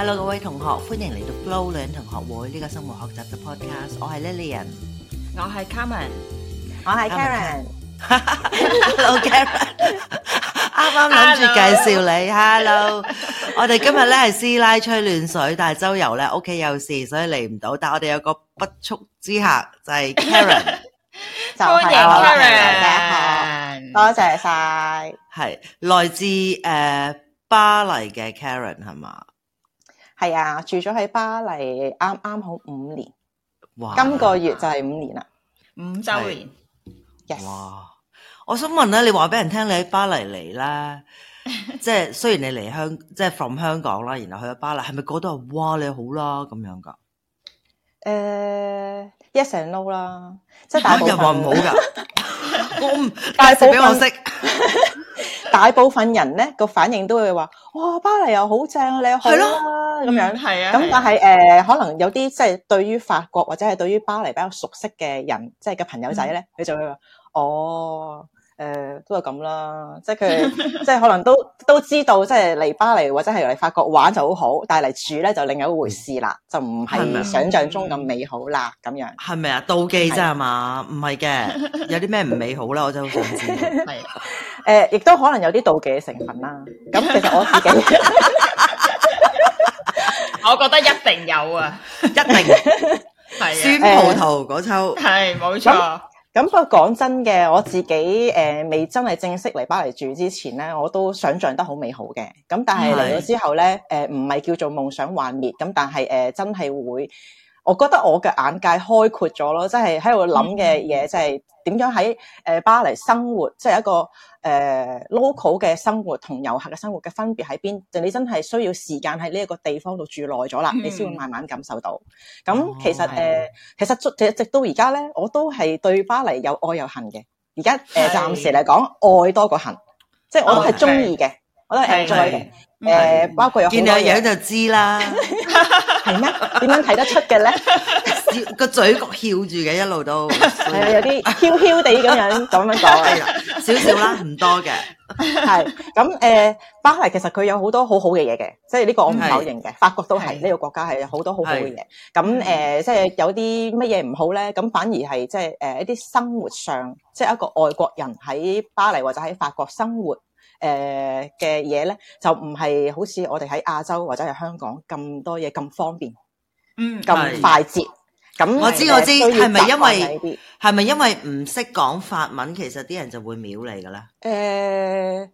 hello，各位同學，歡迎嚟到 Flo 女同學會呢個生活學習嘅 podcast。我係 Lillian，我係 Carmen，我係 Karen。Hello，Karen，啱啱諗住介紹你。Hello，我哋今日咧係師奶吹暖水，但係周遊咧屋企有事，所以嚟唔到。但係我哋有個不速之客就係 Karen。歡迎 Karen，多謝晒，係來自誒巴黎嘅 Karen 係咪？係啊，住咗喺巴黎，啱啱好五年，哇今個月就係五年啦，五周年。是哇！我想問咧、啊，你話俾人聽，你喺巴黎嚟啦， 即係雖然你嚟香港，即係 from 香港啦，然後去咗巴黎，係咪度得哇你好啦咁樣噶？誒、呃。yes and no 啦、啊，即係大部分人唔好噶，大部分我識，大部分人咧個反應都會話，哇巴黎又好正啊，你去咯咁樣，係啊、嗯，咁但係是誒的、呃、可能有啲即係對於法國或者係對於巴黎比較熟悉嘅人，即係嘅朋友仔咧，佢、嗯、就會話，哦。誒，都係咁啦，即係佢，即係可能都都知道，即係嚟巴黎或者係嚟法國玩就好好，但係嚟住咧就另一回事啦，就唔係想象中咁美好啦，咁樣係咪啊？妒忌啫嘛，唔係嘅，有啲咩唔美好啦？我真係好想知。係誒，亦都可能有啲妒忌嘅成分啦。咁其實我自己，我覺得一定有啊，一定係酸葡萄果抽，係冇錯。咁不過講真嘅，我自己誒、呃、未真係正式嚟巴黎住之前咧，我都想象得好美好嘅。咁但係嚟咗之後咧，誒唔係叫做夢想幻滅，咁但係誒、呃、真係會，我覺得我嘅眼界開闊咗咯，即係喺度諗嘅嘢，即係點樣喺誒巴黎生活，即係一個。誒、uh,，local 嘅生活同遊客嘅生活嘅分別喺邊？就是，你真係需要時間喺呢一個地方度住耐咗啦，嗯、你先會慢慢感受到。咁、嗯、其實誒的、呃，其實其實直，直，直到而家咧，我都係對巴黎有愛有恨嘅。而家誒，暫的、呃、時嚟講，愛多過恨，即係我都係中意嘅，哦、我都係 enjoy 嘅。誒，包括有，見你個樣就知啦，係咩？點樣睇得出嘅咧？個嘴角翹住嘅一路都係啊，有啲飄飄地咁樣咁樣講，少少啦，唔多嘅。係咁誒，巴黎其實佢有好多好好嘅嘢嘅，即係呢個我唔否認嘅。法國都係呢個國家係有好多好好嘅嘢。咁誒，即係有啲乜嘢唔好咧？咁反而係即係誒，一啲生活上，即係一個外國人喺巴黎或者喺法國生活。誒嘅嘢咧，就唔係好似我哋喺亞洲或者喺香港咁多嘢咁方便，嗯，咁快捷。咁的我知我知，係咪因為係咪因為唔識講法文，其實啲人就會秒你㗎喇？誒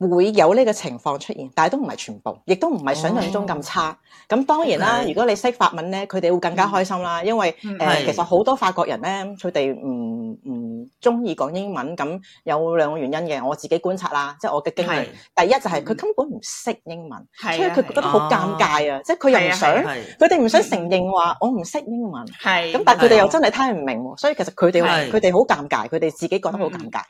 ，uh, 會有呢個情況出現，但係都唔係全部，亦都唔係想像中咁差。咁、哦、當然啦，的如果你識法文咧，佢哋會更加開心啦。嗯、因為誒，的其實好多法國人咧，佢哋唔唔鍾意講英文咁有兩個原因嘅，我自己觀察啦，即係我嘅經歷。是第一就係、是、佢、嗯、根本唔識英文，所以佢覺得好尷尬啊！即係佢又唔想，佢哋唔想承認話我唔識英文。係、啊，咁但係佢哋又真係聽唔明，所以其實佢哋佢哋好尷尬，佢哋自己覺得好尷尬。咁、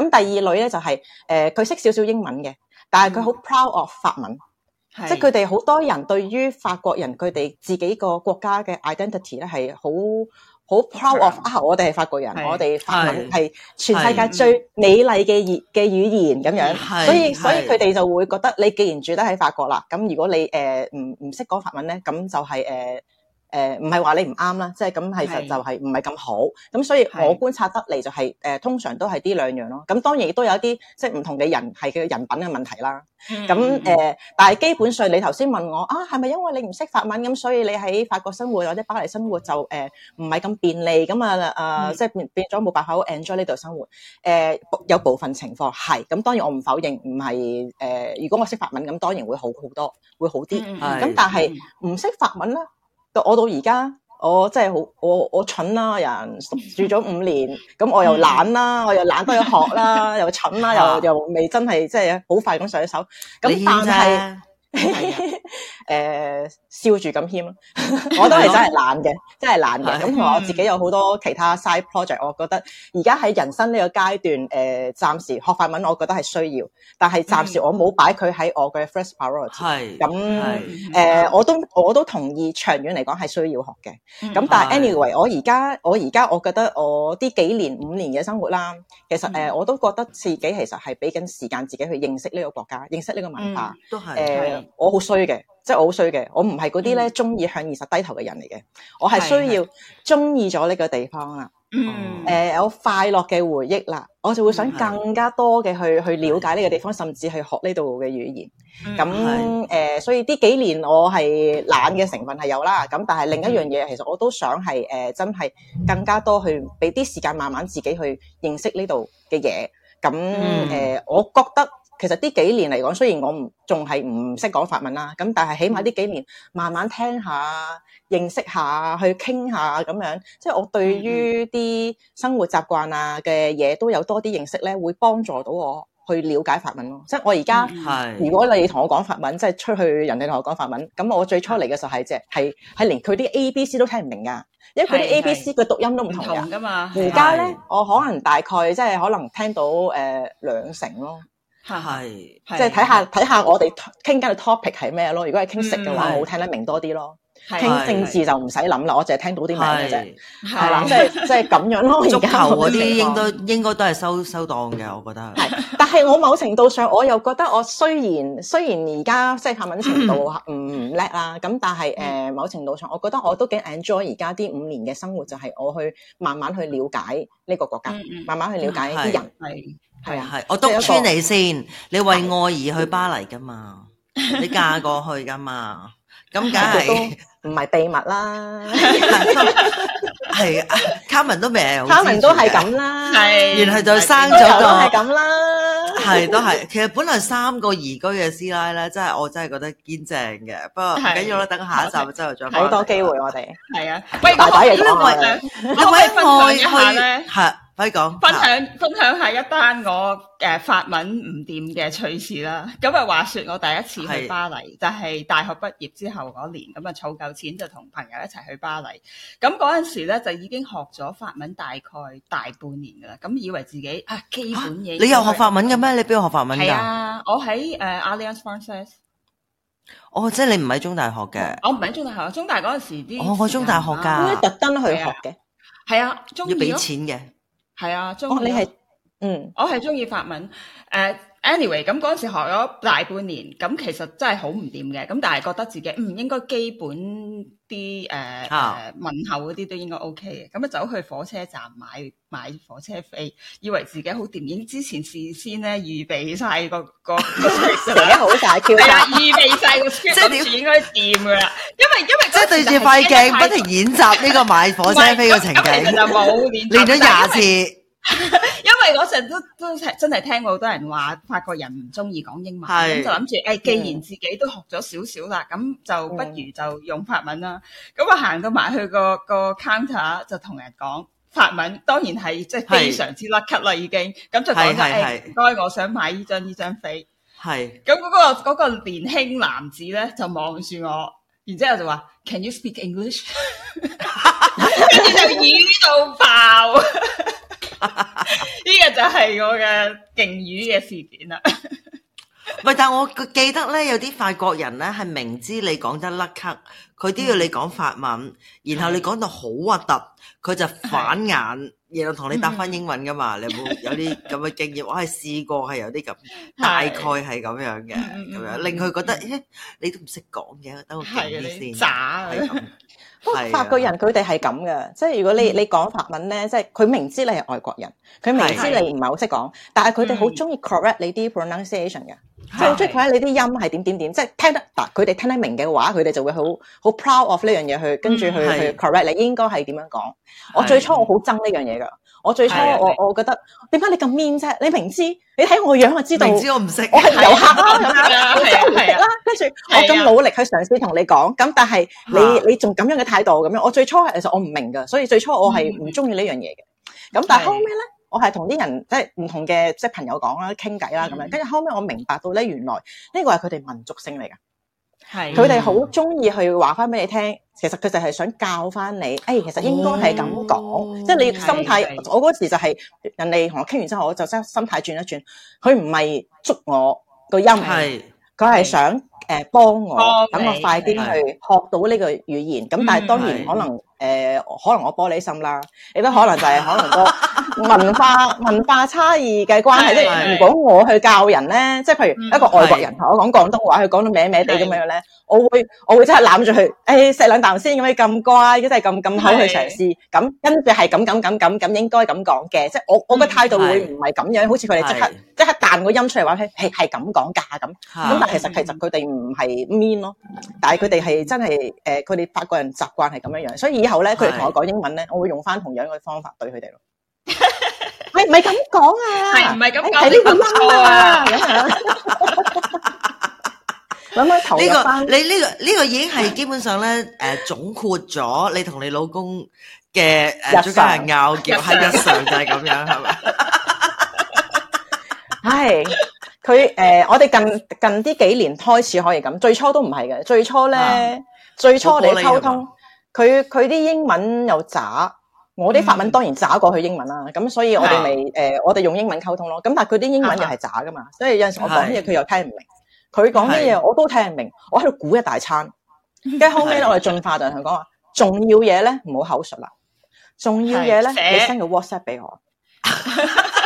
嗯、第二類咧就係誒佢識少少英文嘅，但係佢好 proud of 法文，嗯啊、即係佢哋好多人對於法國人佢哋自己個國家嘅 identity 咧係好。好 proud of 啊！我哋係法國人，是我哋法文係全世界最美麗嘅語嘅語言咁是樣，是所以是所以佢哋就會覺得你既然住得喺法國啦，咁如果你誒唔唔識講法文咧，咁就係、是、誒。呃誒，唔係話你唔啱啦，即係咁，其實是就係唔係咁好。咁所以，我觀察得嚟就係、是，誒、呃，通常都係呢兩樣咯。咁、啊、當然亦都有一啲，即係唔同嘅人係嘅人品嘅問題啦。咁、啊、誒，但係基本上，你頭先問我啊，係咪因為你唔識法文咁、啊，所以你喺法國生活或者巴黎生活就誒唔係咁便利，咁啊啊，即、啊、係、嗯、變變咗冇辦法好 enjoy 呢度生活。誒，有部分情況係，咁、啊、當然我唔否認，唔係誒，如果我識法文咁，當然會好好多，會好啲。咁、嗯嗯、但係唔識法文啦。我到而家，我真係好，我我蠢啦，人住咗五年，咁我又懶啦，我又懶得去學啦， 又蠢啦，又又未真係即係好快咁上手。咁但係。誒，笑住咁謙，我都係真係懶嘅，真係懶嘅。咁同埋我自己有好多其他 side project，我覺得而家喺人生呢個階段，誒，暫時學法文，我覺得係需要，但係暫時我冇擺佢喺我嘅 first priority。咁，誒，我都我都同意，長遠嚟講係需要學嘅。咁但係 anyway，我而家我而家我覺得我呢幾年五年嘅生活啦，其實誒，我都覺得自己其實係俾緊時間自己去認識呢個國家，認識呢個文化。都係誒。我好衰嘅，即係我好衰嘅，我唔係嗰啲咧中意向現實低頭嘅人嚟嘅。我係需要中意咗呢個地方啦，誒、嗯呃，有快樂嘅回憶啦，我就會想更加多嘅去去了解呢個地方，是是甚至去學呢度嘅語言。咁誒是是、呃，所以呢幾年我係懶嘅成分係有啦。咁但係另一樣嘢，其實我都想係誒、呃，真係更加多去俾啲時間，慢慢自己去認識呢度嘅嘢。咁誒、嗯呃，我覺得。其實呢幾年嚟講，雖然我唔仲係唔識講法文啦，咁但係起碼呢幾年慢慢聽下、認識下去傾下咁樣，即係我對於啲生活習慣啊嘅嘢都有多啲認識咧，會幫助到我去了解法文咯。即係我而家，嗯、如果你同我講法文，即係出去人哋同我講法文，咁我最初嚟嘅時候係即係係連佢啲 A B C 都聽唔明噶，因為佢啲 A B C 嘅讀音都唔同噶嘛。而家咧，我可能大概即係可能聽到誒兩成咯。係係，即係睇下睇下我哋傾偈嘅 topic 係咩咯？如果係傾食嘅話，我好聽得明多啲咯。傾政治就唔使諗啦，我淨係聽到啲乜嘅啫。係啦，即係即係咁樣咯。足球嗰啲應該應該都係收收檔嘅，我覺得。係，但係我某程度上我又覺得，我雖然雖然而家即係法文程度唔叻啦，咁但係誒某程度上，我覺得我都幾 enjoy 而家啲五年嘅生活，就係我去慢慢去了解呢個國家，慢慢去了解呢啲人。係。係啊，係，我篤穿你先。你為愛而去巴黎㗎嘛？你嫁過去㗎嘛？咁梗係唔係秘密啦。係啊，卡文都未。卡文都係咁啦。係，原來就生咗個。係咁啦。係都係，其實本來三個移居嘅師奶咧，真係我真係覺得堅正嘅。不過唔緊要啦，等下一集再再翻。好多機會我哋。係啊，大大嚟講，因為愛去。快講，分享的分享下一單我誒、呃、法文唔掂嘅趣事啦。咁啊，話說我第一次去巴黎，的就係大學畢業之後嗰年，咁啊儲夠錢就同朋友一齊去巴黎。咁嗰陣時咧就已經學咗法文大概大半年噶啦，咁以為自己啊基本嘢、啊啊。你又學法文嘅咩？你邊度學法文噶？我喺誒 Alliance Française 哦，即係你唔喺中大學嘅。我唔喺中大學，中大嗰陣時啲我、啊哦、我中大學噶，特登去學嘅，係啊，要俾錢嘅。係啊，中。我、哦、你係，嗯，我係中意法文。誒、uh，anyway，咁嗰時學咗大半年，咁其實真係好唔掂嘅。咁但係覺得自己唔、嗯、應該基本啲誒誒問候嗰啲都應該 OK 嘅。咁啊走去火車站買買火車飛，以為自己好掂，影之前事先咧預備晒個個寫 好晒了票，係 啊，預備晒個票，即係 應該掂噶啦。 因為因為即係對住塊鏡不停演習呢個買火車飛嘅情景， 就冇練咗廿次。 因為嗰陣 都都係真係聽過好多人話法國人唔中意講英文，咁是就諗住誒，既然自己都學咗少少啦，咁就不如就用法文啦。咁、嗯、我行到埋去、嗰個、嗰個 counter 就同人講法文，當然係即係非常之甩咳 u 啦，已經咁是就講咗誒，該、哎、我想買呢張呢張飛。係咁嗰個、嗰個嗰個年輕男子咧就望住我。然之後就話，Can you speak English？跟住就語到爆，呢個就係我嘅勁語嘅事件唔係，但係我記得咧，有啲法國人咧係明知你講得甩咳，佢都要你講法文，然後你講到好核突，佢就反眼，然後同你答翻英文㗎嘛。你有冇有啲咁嘅經驗？我係試過係有啲咁，大概係咁樣嘅咁樣，令佢覺得咦，你都唔識講嘅，等我教啲先渣。不過法國人佢哋係咁嘅，即係如果你你講法文咧，即係佢明知你係外國人，佢明知你唔係好識講，但係佢哋好中意 correct 你啲 pronunciation 嘅。即係好中意睇下你啲音係點點點，即係聽得嗱，佢哋聽得明嘅話，佢哋就會好好 proud of 呢 樣嘢去跟住去去 correct 你應該係點樣講。我最初我好憎呢樣嘢噶，我最初我 我覺得點解你咁 mean 啫？你明知你睇我個樣就我我啊，知道知我唔識，我係遊客啦，係啦，跟住我咁努力去嘗試同你講，咁但係你 你仲咁樣嘅態度咁樣，我最初係其實我唔明噶，所以最初我係唔中意呢樣嘢嘅。咁但係後尾咧？我係同啲人即係唔同嘅即係朋友講啦、傾偈啦咁樣，跟住後尾，我明白到咧，原來呢個係佢哋民族性嚟噶，係佢哋好中意去話翻俾你聽，其實佢就係想教翻你，誒、欸，其實應該係咁講，哦、即係你心態。的我嗰時就係、是、人哋同我傾完之後，我就將心態轉一轉，佢唔係捉我個音，係佢係想誒幫、呃、我，等呵我快啲去學到呢個語言。咁呵、嗯、但係當然可能。誒，可能我玻璃心啦，亦都可能就係可能個文化文化差異嘅關係啫。如果我去教人咧，即係譬如一個外國人，同我講廣東話，佢講到歪歪地咁樣咧，我會我會真係攬住佢，誒，錫兩啖先，咁你咁乖，真係咁咁好去嘗試，咁音係咁咁咁咁咁應該咁講嘅，即係我我個態度會唔係咁樣，好似佢哋即刻即刻彈個音出嚟話，係係咁講㗎咁，咁但其實其實佢哋唔係 mean 咯，但係佢哋係真係誒，佢哋法國人習慣係咁樣樣，所以。之後咧，佢哋同我講英文咧，我會用翻同樣嘅方法對佢哋咯。唔係咁講啊，係唔係咁講？係呢個啦。諗開頭呢個，你呢個呢個已經係基本上咧，誒，總括咗你同你老公嘅誒，中間拗撬喺日常就係咁樣，係咪？係佢誒，我哋近近啲幾年開始可以咁，最初都唔係嘅，最初咧，最初我哋溝通。佢佢啲英文又渣，我啲法文當然渣過佢英文啦，咁、嗯、所以我哋咪誒我哋用英文溝通咯。咁但係佢啲英文又係渣噶嘛，嗯、所以有陣時我講嘢佢又聽唔明，佢講咩嘢我都聽唔明，是我喺度估一大餐，跟住是後尾我哋進化就同佢講話，重要嘢咧唔好口述啦，重要嘢咧你 send 個 WhatsApp 俾我。的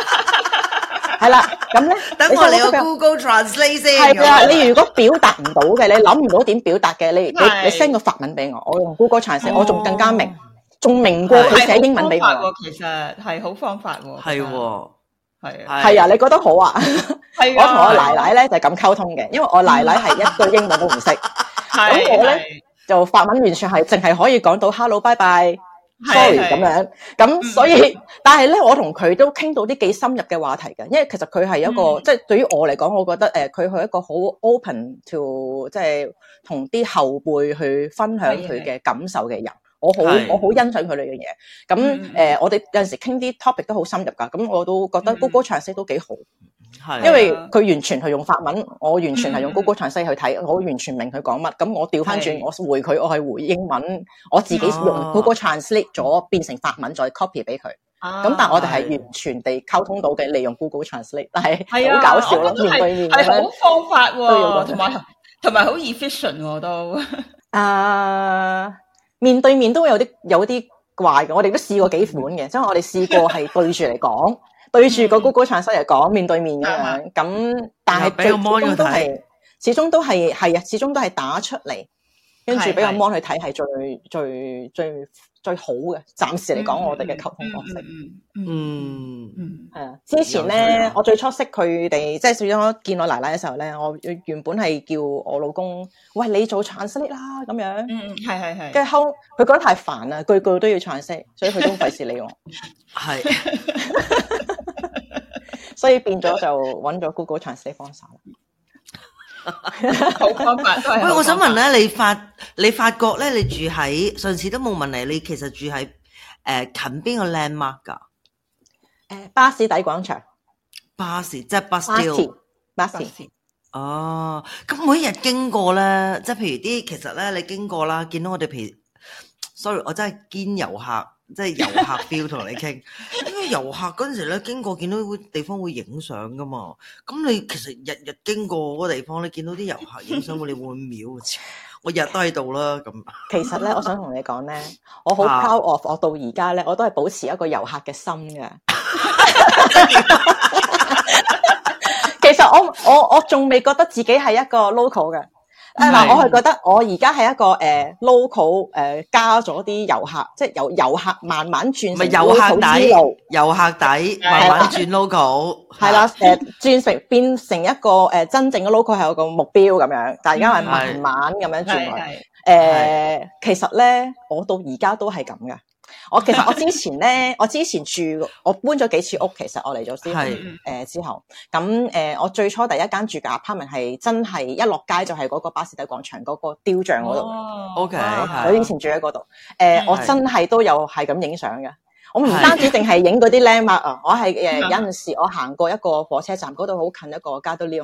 係啦，咁咧，等我嚟個 Google Translate 先。係 啊，你如果表達唔到嘅，你諗唔到點表達嘅，你是你你 send 個法文俾我，我用 Google Translate，、哦、我仲更加明，仲明過佢寫英文俾我。係好方法，其實係好方法喎。係喎，係、哦、啊，你覺得好啊？係、啊、 我同我奶奶咧就咁、是、溝通嘅， 因為我奶奶係一個英文都唔識，咁我咧就法文完全係淨係可以講到 hello 拜拜。sorry 咁是樣，咁、嗯、所以，但係咧，我同佢都傾到啲幾深入嘅話題嘅，因為其實佢係一個，即係、嗯、對於我嚟講，我覺得誒，佢係一個好 open to，即係同啲後輩去分享佢嘅感受嘅人，是是我好是是我好欣賞佢呢樣嘢。咁誒、嗯呃，我哋有陣時傾啲 topic 都好深入㗎，咁我都覺得 Google Translate 都幾好。嗯嗯係，因為佢完全係用法文，我完全係用 Google Translate 去睇，我完全唔明佢講乜。咁我調翻轉，我回佢，我係回英文，我自己用 Google Translate 咗變成法文再 copy 俾佢。咁但係我哋係完全地溝通到嘅，利用 Google Translate 但係好搞笑咯，面對面係好方法，同埋同埋好 efficient 都。啊，面對面都會有啲有啲怪嘅，我哋都試過幾款嘅，即係我哋試過係對住嚟講。 對住個 l e 產生嚟講，面對面咁樣，咁、啊、但係最終都係，始終都係係啊，始終都係打出嚟，跟住俾個芒去睇，係是最最最最好嘅。暫時嚟講，我哋嘅溝通方式，嗯嗯，係、嗯嗯嗯、 啊。之前咧，嗯、我最初識佢哋，即係小多見我奶奶嘅時候咧，我原本係叫我老公，喂你做 t r a 啦，咁樣，嗯嗯，係係係，跟住後，佢覺得太煩啦，句句都要 t r，所以佢都費事理我，係。 所以變咗就揾咗 Google Translate 翻曬啦。好 方法。喂，我想問咧，你發你發覺咧，你住喺上次都冇問你，你其實住喺誒、呃、近邊個 landmark 㗎？誒巴士底廣場。巴士即係巴士條巴士哦，咁、啊、每一日經過咧，即係譬如啲其實咧，你經過啦，見到我哋譬如 sorry 我真係堅遊客。即係遊客標同你傾，因為遊客嗰陣時咧經過見到個地方會影相噶嘛，咁你其實日日經過嗰個地方，你見到啲遊客影相，你會唔會秒？我日日都喺度啦，咁。其實咧，我想同你講咧，我好 proud of，我到而家咧，我都係保持一個遊客嘅心嘅。 其實我我我仲未覺得自己係一個 local 嘅。啊！嗱，我係覺得我而家係一個誒、uh, local 誒、uh, 加咗啲遊客，即係由遊客慢慢轉，唔係遊客底，遊客底慢慢轉 local，係啦誒，變、 uh, 成變成一個誒、uh, 真正嘅 local 係有個目標咁樣，大家係慢慢咁樣轉，誒、呃、其實咧，我到而家都係咁嘅。 我其實我之前咧，我之前住我搬咗幾次屋。其實我嚟咗先至，誒之後咁誒，我、呃、最初第一間住嘅 apartment 係真係一落街就係嗰個巴士底廣場嗰、那個雕像嗰度。OK，係。我以前住喺嗰度。誒、呃，我真係都有係咁影相嘅。我唔單止淨係影嗰啲靚物啊， 我係誒、呃、 有陣時我行過一個火車站嗰度好近一個加多利。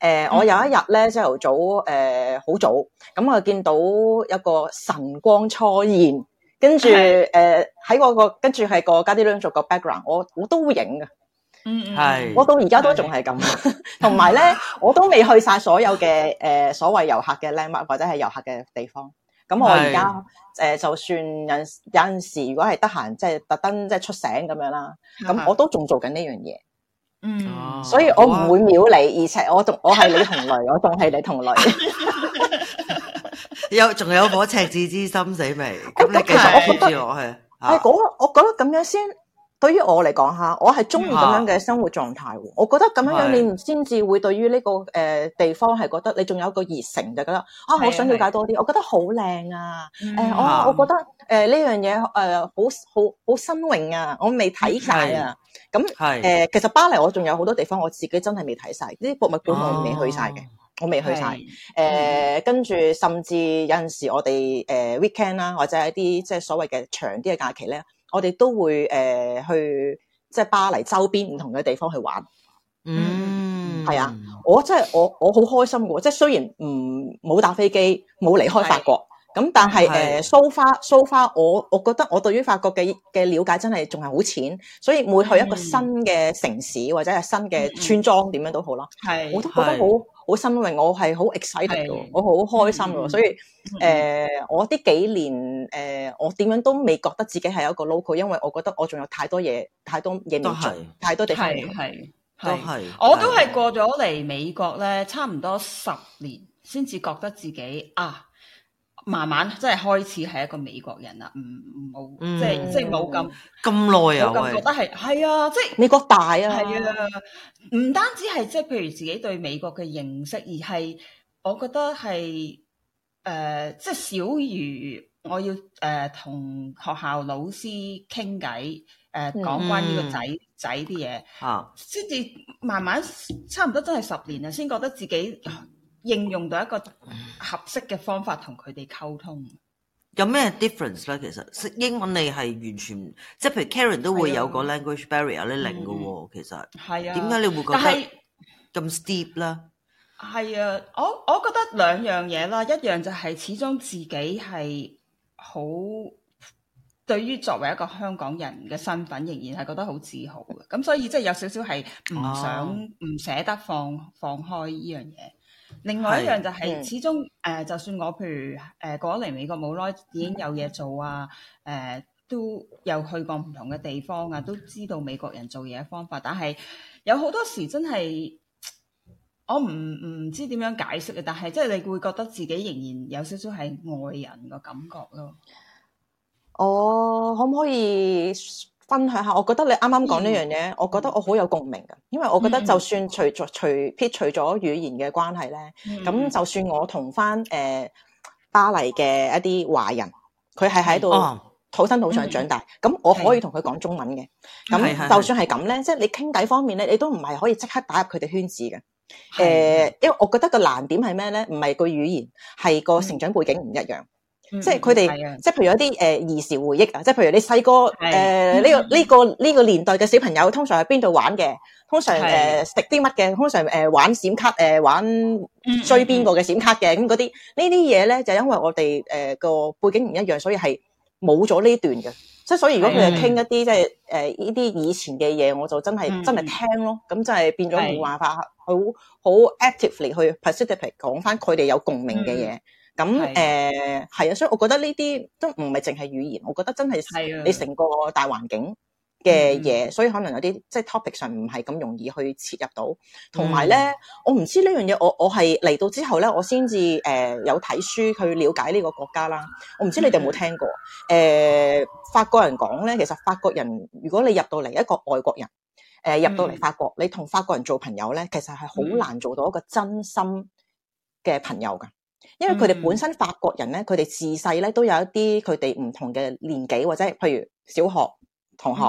誒，我有一日咧朝頭早誒好、呃、早，咁、呃、我、呃、見到一個晨光初現。跟住誒喺我個跟住係個加啲卵做個 background，我我都會影㗎。嗯，係。我到而家都仲係咁，同埋咧我都未去晒所有嘅誒所謂遊客嘅靚物或者係遊客嘅地方。咁我而家誒就算有有陣時，如果係得閒，即係特登即係出醒咁樣啦。咁我都仲做緊呢樣嘢。嗯，所以我唔會秒你，而且我仲我係你同類，我仲係你同類。有仲有顆赤子之心，死未？咁你繼續堅持落去。係我覺得咁樣先，對於我嚟講吓，我係中意咁樣嘅生活狀態。我覺得咁樣樣，你唔先至會對於呢個誒地方係覺得你仲有一個熱誠，就覺得啊，我想了解多啲。我覺得好靚啊！誒，我我覺得誒呢樣嘢誒好好好新穎啊！我未睇晒啊！咁誒，其實巴黎我仲有好多地方，我自己真係未睇晒，呢啲博物館我未去晒嘅。我未去晒誒，跟住甚至有陣時我哋誒 weekend 啦，或者係一啲即係所謂嘅長啲嘅假期咧，我哋都會誒去即係巴黎周邊唔同嘅地方去玩。嗯，係啊，我真係我我好開心嘅，即係雖然唔冇搭飛機冇離開法國咁，但係誒 so far so far，我我覺得我對於法國嘅嘅了解真係仲係好淺，所以每去一個新嘅城市或者係新嘅村莊點樣都好啦，係我都覺得好。好心榮，我係好 excited，是我好開心，嗯、所以誒、呃，我呢幾年誒、呃，我點樣都未覺得自己係一個 local，因為我覺得我仲有太多嘢，太多嘢未做，都是太多地方未去，都係是，我都係過咗嚟美國咧，差唔多十年先至覺得自己啊。慢慢真係開始係一個美國人啦，唔唔冇即係、嗯、即係冇咁咁耐啊！我覺得係係啊，即係美國大啊，係啊，唔單止係即係譬如自己對美國嘅認識，而係我覺得係誒、呃、即係少於我要誒同、呃、學校老師傾偈誒講關於個仔仔啲嘢，先至、嗯啊、慢慢差唔多，真係十年啊！先覺得自己。應用到一個合適嘅方法同佢哋溝通，有咩 difference 咧？其實英文你係完全，即係譬如 Karen 都會有個 language barrier 咧零嘅喎，嗯、其實係啊，點解的你會覺得咁 steep 咧？係啊，我我覺得兩樣嘢啦，一樣就係始終自己係好對於作為一個香港人嘅身份，仍然係覺得好自豪嘅，咁所以即係有少少係唔想、唔、啊、捨得放放開呢樣嘢。另外一樣就係，始終誒，就算我譬如誒過嚟美國冇耐，已經有嘢做啊，誒、呃、都有去過唔同嘅地方啊，都知道美國人做嘢嘅方法，但係有好多時真係我唔唔知點樣解釋嘅，但係即係你會覺得自己仍然有少少係外人個感覺咯。哦，可唔可以分享下，我覺得你啱啱講呢樣嘢，嗯、我覺得我好有共鳴嘅，因為我覺得就算、嗯、除除除撇除咗語言嘅關係咧，咁、嗯、就算我同翻誒巴黎嘅一啲華人，佢係喺度土生土長長大，咁、嗯、我可以同佢講中文嘅，咁、嗯、就算係咁咧，嗯、即係你傾偈方面咧，你都唔係可以即刻打入佢哋圈子嘅。誒，因為我覺得個難點係咩咧？唔係個語言，係個成長背景唔一樣。即係佢哋，嗯、即係譬如有啲誒兒時回憶啊，即係譬如你細個、嗯呃這個誒呢個呢個呢個年代嘅小朋友，通常喺邊度玩嘅？通常誒食啲乜嘅？通常誒玩閃卡誒、呃、玩追邊個嘅閃卡嘅咁嗰啲呢啲嘢咧，就因為我哋誒個背景唔一樣，所以係冇咗呢段嘅。即係所以如果佢哋傾一啲、嗯、即係誒呢啲以前嘅嘢，我就真係、嗯嗯、真係聽咯。咁真係變咗冇辦法好好 actively 去 participate 講翻佢哋有共鳴嘅嘢。咁誒，係啊那的、呃，所以我覺得呢啲都唔係淨係語言，我覺得真係你成個大環境嘅嘢，的所以可能有啲即係 topic 上唔係咁容易去切入到。同埋咧，我唔知呢樣嘢，我我係嚟到之後咧，我先至誒有睇書去了解呢個國家啦。我唔知你哋有冇聽過誒的、呃，法國人講咧，其實法國人如果你入到嚟一個外國人誒、呃、入到嚟法國，的你同法國人做朋友咧，其實係好難做到一個真心嘅朋友㗎。的因為佢哋本身法國人咧，佢哋自細咧都有一啲佢哋唔同嘅年紀，或者譬如小學同學、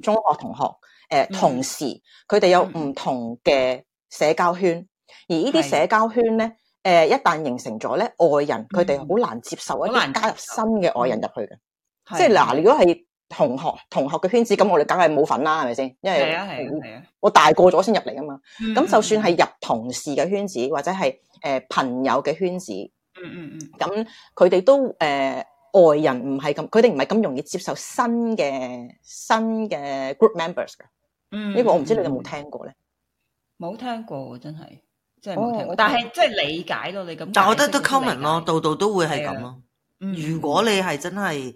中學同學、誒、呃嗯、同事，佢哋有唔同嘅社交圈。而呢啲社交圈咧，誒、呃、一旦形成咗咧，外人佢哋好難接受，好難加入新嘅外人入去嘅。嗯嗯嗯、即係嗱、呃，如果係同學同學嘅圈子，咁我哋梗係冇份啦，係咪先？因為、啊啊啊、我大個咗先入嚟啊嘛。咁就算係入同事嘅圈子，或者係誒、呃、朋友嘅圈子。嗯嗯嗯，咁佢哋都誒、呃、外人唔係咁，佢哋唔係咁容易接受新嘅、新嘅 group members 嘅。嗯、嗯，呢個我唔知你有冇聽過咧？冇、嗯、聽過，真係真係冇聽過。但係即係理解咯，你咁。但係我覺得都 common 咯，度度都會係咁咯。啊、如果你係真係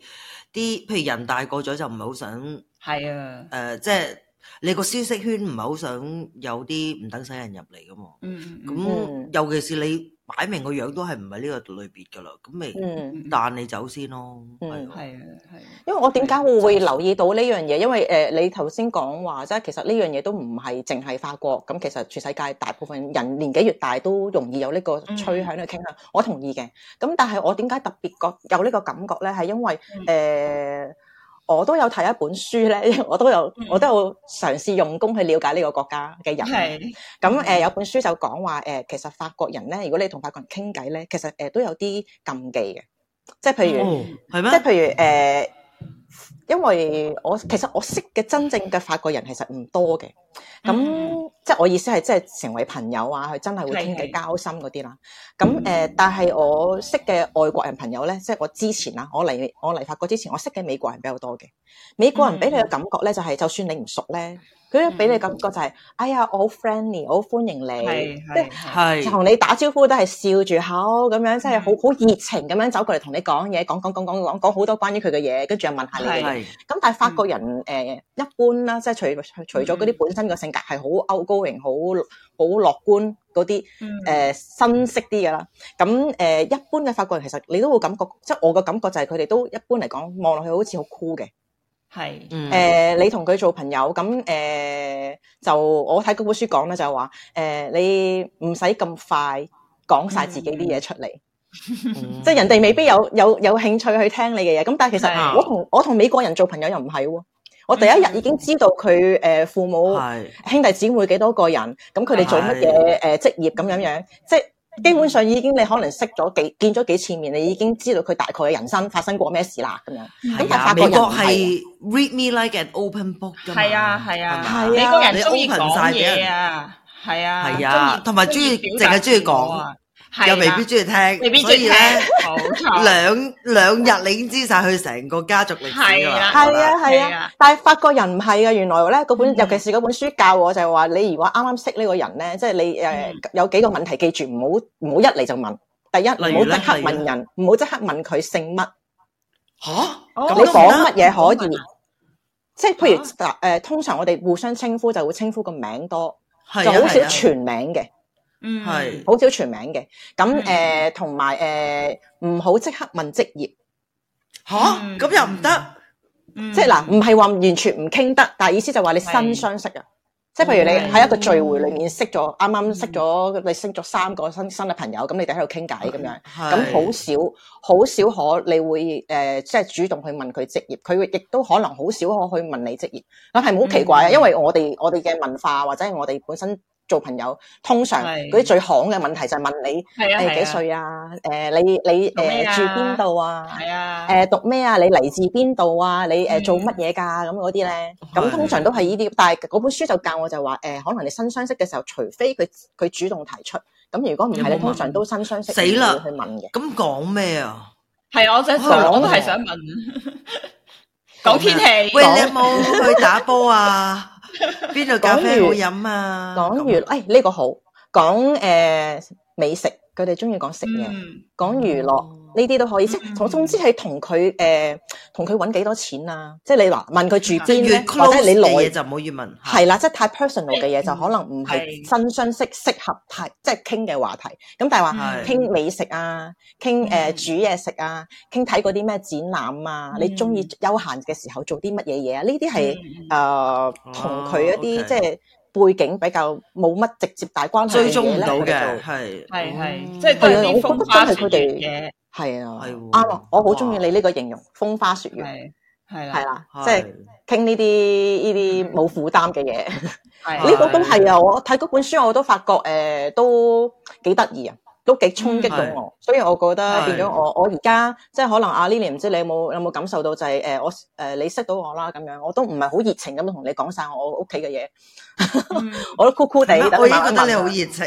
啲，譬如人大個咗就唔係好想，係啊，誒、呃，即係你個消息圈唔係好想有啲唔等使人入嚟噶嘛，嗯嗯。嗯，咁尤其是你。擺明個樣都係唔係呢個類別噶啦，咁咪，彈你走先咯。嗯，係啊，係、啊。啊啊、因為我點解我會留意到呢樣嘢？因為誒、呃，你頭先講話即係，其實呢樣嘢都唔係淨係法國，咁其實全世界大部分人年紀越大都容易有呢個趨向嘅傾向。嗯、我同意嘅。咁但係我點解特別覺有呢個感覺咧？係因為誒。呃我都有睇一本書咧，我都有我都有嘗試,用功去了解呢個國家嘅人。咁誒、呃、有本書就講話誒，其實法國人咧，如果你同法國人傾偈咧，其實誒、呃、都有啲禁忌嘅，即係譬如，哦、係咩、即係譬如誒。呃因為我其實我識嘅真正嘅法國人其實唔多嘅，咁、mm hmm. 即係我意思係即係成為朋友啊，佢真係會傾偈交心嗰啲啦。咁誒、mm hmm. 呃，但係我識嘅外國人朋友呢，即係我之前啊，我嚟我嚟法國之前，我識嘅美國人比較多嘅。美國人俾你嘅感覺呢，就係、係、就算你唔熟呢。Mm hmm. 佢俾你感覺就係、是，哎呀，我好 friendly，我好歡迎你，即係是同你打招呼都係笑住口咁樣，即係好好熱情咁樣走過嚟同你講嘢，講講講講講講好多關於佢嘅嘢，跟住又問下你。咁但係法國人誒、嗯呃、一般啦，即係除除咗嗰啲本身個性格係好 outgoing，好好樂觀嗰啲誒新式啲嘅啦。咁誒、呃、一般嘅法國人其實你都會感覺，即係我個感覺就係佢哋都一般嚟講望落去好似好酷嘅。係，誒是、嗯呃，你同佢做朋友，咁、呃、誒，就我睇嗰本書講咧，就話，誒、呃，你唔使咁快講晒自己啲嘢出嚟，嗯嗯、即係人哋未必有有有興趣去聽你嘅嘢。咁但係其實我同、嗯、我同美國人做朋友又唔係喎，我第一日已經知道佢誒父母兄弟姊妹幾多個人，咁佢哋做乜嘢誒職業咁樣是、嗯、樣，即係。基本上已經，你可能識咗幾見咗幾次面，你已經知道佢大概嘅人生發生過咩事啦咁樣。係啊，感覺美國係 read me like an open book 㗎嘛。係啊係啊，啊吧美國人中意講嘢啊，係啊，中意同埋中意，淨係中意講。又未必中意聽，未必中意聽，所以咧，兩兩日你已經知晒佢成個家族歷史啦。係啊，係啊，係啊。但係法國人唔係啊。原來咧嗰本，尤其是嗰本書教我，就係話你如果啱啱識呢個人咧，即係你誒有幾個問題記住，唔好唔好一嚟就問。第一，唔好即刻問人，唔好即刻問佢姓乜。嚇，你講乜嘢可以？即係譬如誒，通常我哋互相稱呼就會稱呼個名多，就好少全名嘅。嗯，係好少全名嘅，咁誒，同埋誒，唔、呃呃、好即刻問職業，吓咁、啊、又唔得，嗯、即係嗱，唔係話完全唔傾得，但係意思就話你新相識啊，是即係譬如你喺一個聚會裏面識咗，啱啱是識咗，是你識咗三個新新嘅朋友，咁你哋喺度傾偈咁樣，咁好少好少可你會誒、呃，即係主動去問佢職業，佢亦都可能好少可去問你職業，咁係唔好奇怪啊？因為我哋、嗯、我哋嘅文化或者係我哋本身。做朋友通常嗰啲最行嘅問題就係問你誒，幾歲啊？誒你你誒住邊度啊？係啊？誒讀咩啊？你嚟自邊度啊？你誒做乜嘢㗎？咁嗰啲咧，咁通常都係呢啲。但係嗰本書就教我就話，誒可能你新相識嘅時候，除非佢佢主動提出，咁如果唔係你通常都新相識死啦去問嘅。咁講咩啊？係我想我都係想問講天氣。喂，你有冇去打波啊？邊度咖啡好飲啊？講娛， 誒呢、哎這個好，講誒、呃、美食，佢哋中意講食嘢，講娛樂。呢啲都可以，即係我總之係同佢誒同佢揾幾多錢啊。即係你嗱問佢住邊咧？或者你內嘅嘢就唔好越問。係啦，即係太 personal 嘅嘢就可能唔係新相識適合太即係傾嘅話題。咁但係話傾美食啊，傾誒煮嘢食啊，傾睇嗰啲咩展覽啊，你中意休閒嘅時候做啲乜嘢嘢啊？呢啲係誒同佢一啲即係背景比較冇乜直接大關係嘅嘢。到嘅，係，即係都係啲風花雪月嘅。係啊，啱我好中意你呢個形容，風花雪月，係啦，係啦，即係傾呢啲呢啲冇負擔嘅嘢。咦，咁係啊！我睇嗰本書，我都發覺誒，都幾得意啊，都幾衝擊到我。所以我覺得變咗我，我而家即係可能阿 Lily，唔知你有冇有冇感受到就係誒，我誒，你識到我啦咁樣，我都唔係好熱情咁同你講晒我屋企嘅嘢，我都酷酷地。我已經覺得你好熱情。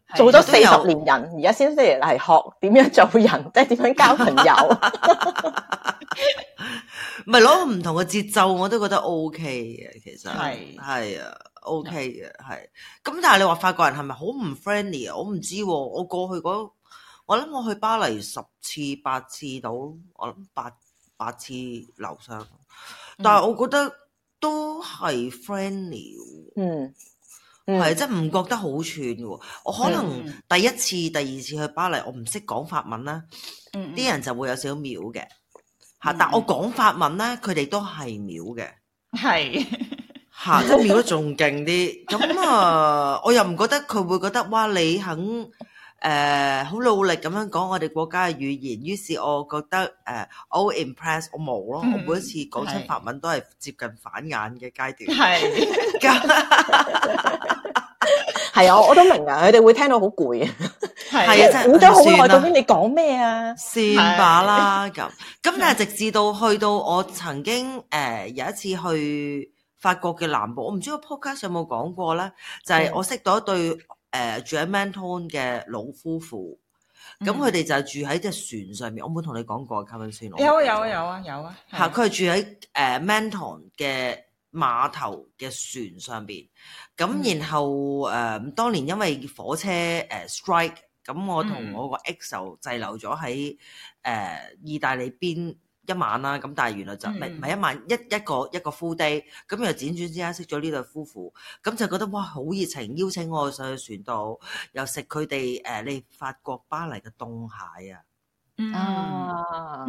是做咗四十年人，而家先先嚟學點樣做人，即係點樣交朋友。唔係攞唔同嘅節奏，我都覺得 OK 嘅。其實係係啊，OK 嘅係。咁但係你話法國人係咪好唔 friendly？我唔知啊。我過去嗰，我諗我去巴黎十次八次到，我諗八八次留生。但係我覺得都係 friendly。嗯。嗯係，即係唔覺得好串喎。我可能第一次、mm hmm. 第二次去巴黎，我唔識講法文啦，啲、mm hmm. 人就會有少少秒嘅。嚇、mm！Hmm. 但我講法文咧，佢哋都係秒嘅。係、mm，嚇、hmm.！即係秒得仲勁啲。咁 啊，我又唔覺得佢會覺得哇，你肯。誒，好、uh, 努力咁樣講我哋國家嘅語言，於是我覺得誒，我、uh, impress 我冇咯，嗯、我每一次講出法文都係接近反眼嘅階段。係，係啊，我都明啊，佢哋會聽到好攰 啊，係啊，真係我都好耐究竟，你講咩啊？算吧啦，咁咁但係直至到去到我曾經誒、uh, 有一次去法國嘅南部，我唔知個 podcast 有冇講過呢，就係、是、我識到一對。誒、uh, 住喺 Manton 嘅老夫婦，咁佢哋就住喺隻船上面。我冇同你講過，啱唔啱先？有啊，有啊，有啊，有啊。係，佢住喺 Manton 嘅碼頭嘅船上邊。咁然後誒、mm hmm. 呃，當年因為火車誒 strike，咁我同我個 ex 就滯留咗喺誒意大利邊。一晚啦，咁但係原來就唔係、嗯、一晚，一一個一個 full day，咁又輾轉之間識咗呢對夫婦，咁就覺得哇好熱情，邀請我上去船度，又食佢哋誒嚟法國巴黎嘅凍蟹啊，嗯，啊、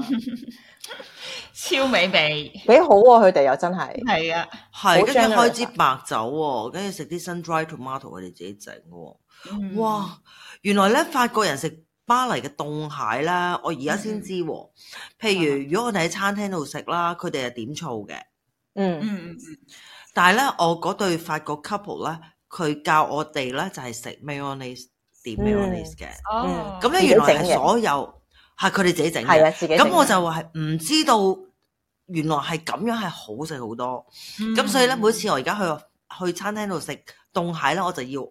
超美味，幾好啊，佢哋又真係係的啊，係跟住開支白酒，跟住食啲 sun dry tomato，佢哋自己整、啊，嗯、哇，原來咧法國人食。巴黎嘅凍蟹啦，我而家先知喎，哦。嗯、譬如如果我哋喺餐廳度食啦，佢哋係點醋嘅？嗯嗯，但係咧，我嗰對法國 couple 咧，佢教我哋咧就係、是、食 mayonnaise 點 mayonnaise 嘅，嗯。哦。咁咧原來係所有係佢哋自己整嘅。係自己。咁、啊、我就話係唔知道，原來係咁樣係好食好多。咁、嗯、所以咧，每次我而家去去餐廳度食凍蟹咧，我就要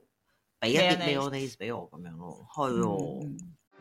俾一啲 mayonnaise 俾我咁樣咯。係喎，嗯。嗯嗯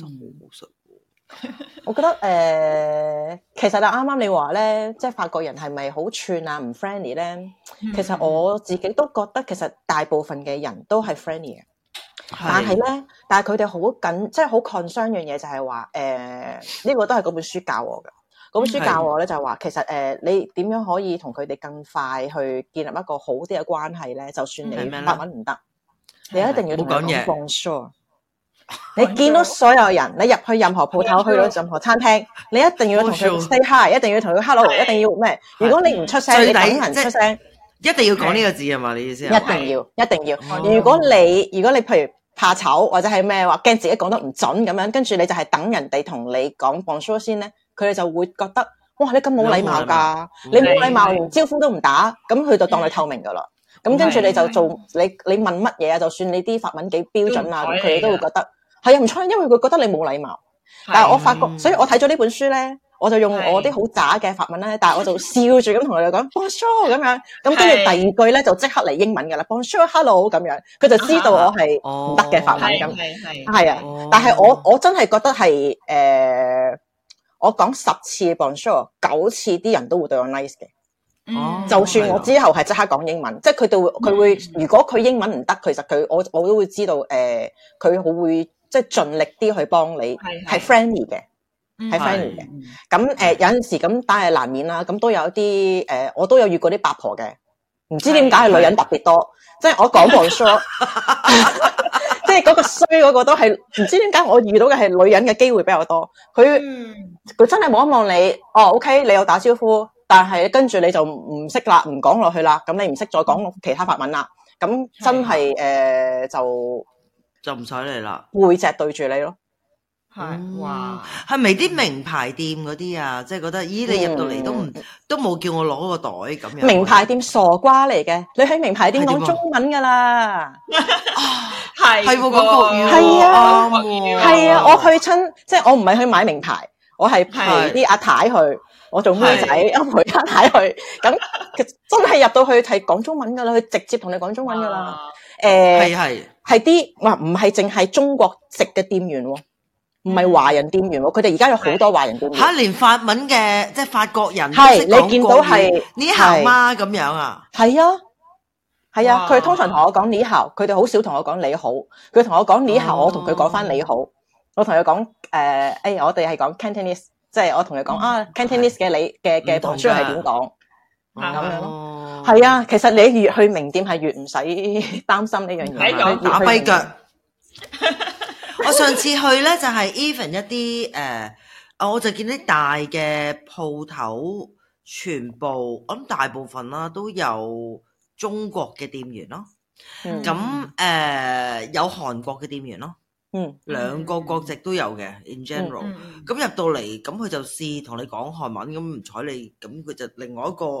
真冇冇實喎！無無 我覺得誒、呃，其實啦，啱啱你話咧，即係法國人係咪好串啊？唔 friendly 咧？嗯、其實我自己都覺得，其實大部分嘅人都係 friendly 嘅是，但係咧，但係佢哋好緊，即係好 concern 一樣嘢，就係話誒，呢、這個都係嗰本書教我噶。嗰本書教我咧，是就係話其實誒、呃，你點樣可以同佢哋更快去建立一個好啲嘅關係咧？就算你法文唔得，你一定要同佢哋 你見到所有人，你入去任何鋪頭，去到任何餐廳，你一定要同佢 say hi，一定要同佢 hello，一定要咩？如果你唔出聲，你等人出聲，一定要講呢個字係嘛？你意思係？一定要，一定要。如果你如果你譬如怕醜或者係咩話，驚自己講得唔準咁樣，跟住你就係等人哋同你講，Bonjour 先咧，佢哋就會覺得哇你咁冇禮貌噶，你冇禮貌連招呼都唔打，咁佢就當你透明噶啦。咁跟住你就做你你問乜嘢啊？就算你啲法文幾標準啊，咁佢哋都會覺得。係啊，唔錯，因為佢覺得你冇禮貌。但係我發覺，所以我睇咗呢本書咧，我就用我啲好渣嘅法文咧，但係我就笑住咁同佢哋講，Bonjour 咁樣，咁跟住第二句咧就即刻嚟英文噶啦，Bonjour Hello 咁樣，佢就知道我係唔得嘅法文咁，係，係啊。但係我我真係覺得係誒，我講十次 Bonjour，九次啲人都會對我 nice 嘅。哦，就算我之後係即刻講英文，即係佢都佢會，如果佢英文唔得，其實佢我我都會知道誒，佢好會。即係盡力啲去幫你，係 friendly 嘅，係 friendly 嘅。咁誒、嗯嗯、有陣時咁，但係難免啦。咁都有啲誒、呃，我都有遇過啲八婆嘅，唔知點解係女人特別多。即係我講過 short 即係嗰個衰嗰個都係唔知點解，我遇到嘅係女人嘅機會比較多。佢佢、嗯、真係望一望你，哦，OK，你有打招呼，但係跟住你就唔識啦，唔講落去啦。咁你唔識再講其他法文啦。咁真係誒是、 呃、就。就唔使你啦，背脊對住你咯。係哇，係咪啲名牌店嗰啲啊？即係覺得，咦，你入到嚟都唔都冇叫我攞個袋咁樣？名牌店傻瓜嚟嘅，你喺名牌店講中文噶啦，係係講國語係啊，係啊，我去親，即係我唔係去買名牌，我係陪啲阿太去，我做妹仔，陪阿太去，咁真係入到去係講中文噶啦，佢直接同你講中文噶啦。誒係係係啲，哇、呃！唔係淨係中國籍店員喎，唔係華人店員喎，佢哋而家有好多華人店員嚇，連法文嘅即係法國人都識講國語，你見到係呢嚇嗎？咁樣啊？係啊，係啊！佢哋通常同我講呢嚇，佢哋好少同我講你好，佢同我講你嚇，我同佢講翻你好，我同佢講誒，哎，我哋係講 Cantonese，即係我同佢講啊，Cantonese 嘅你嘅嘅講出嚟係點講？咁樣咯，係啊，其實你越去名店係越唔使擔心呢樣嘢，打跛腳。我上次去呢就係 even 一啲誒，我就見啲大嘅鋪頭，全部我諗大部分啦都有中國嘅店員咯，咁誒有韓國嘅店員咯，嗯，兩個國籍都有嘅。In general，咁入到嚟咁佢就試同你講韓文，咁唔睬你，咁佢就另外一個。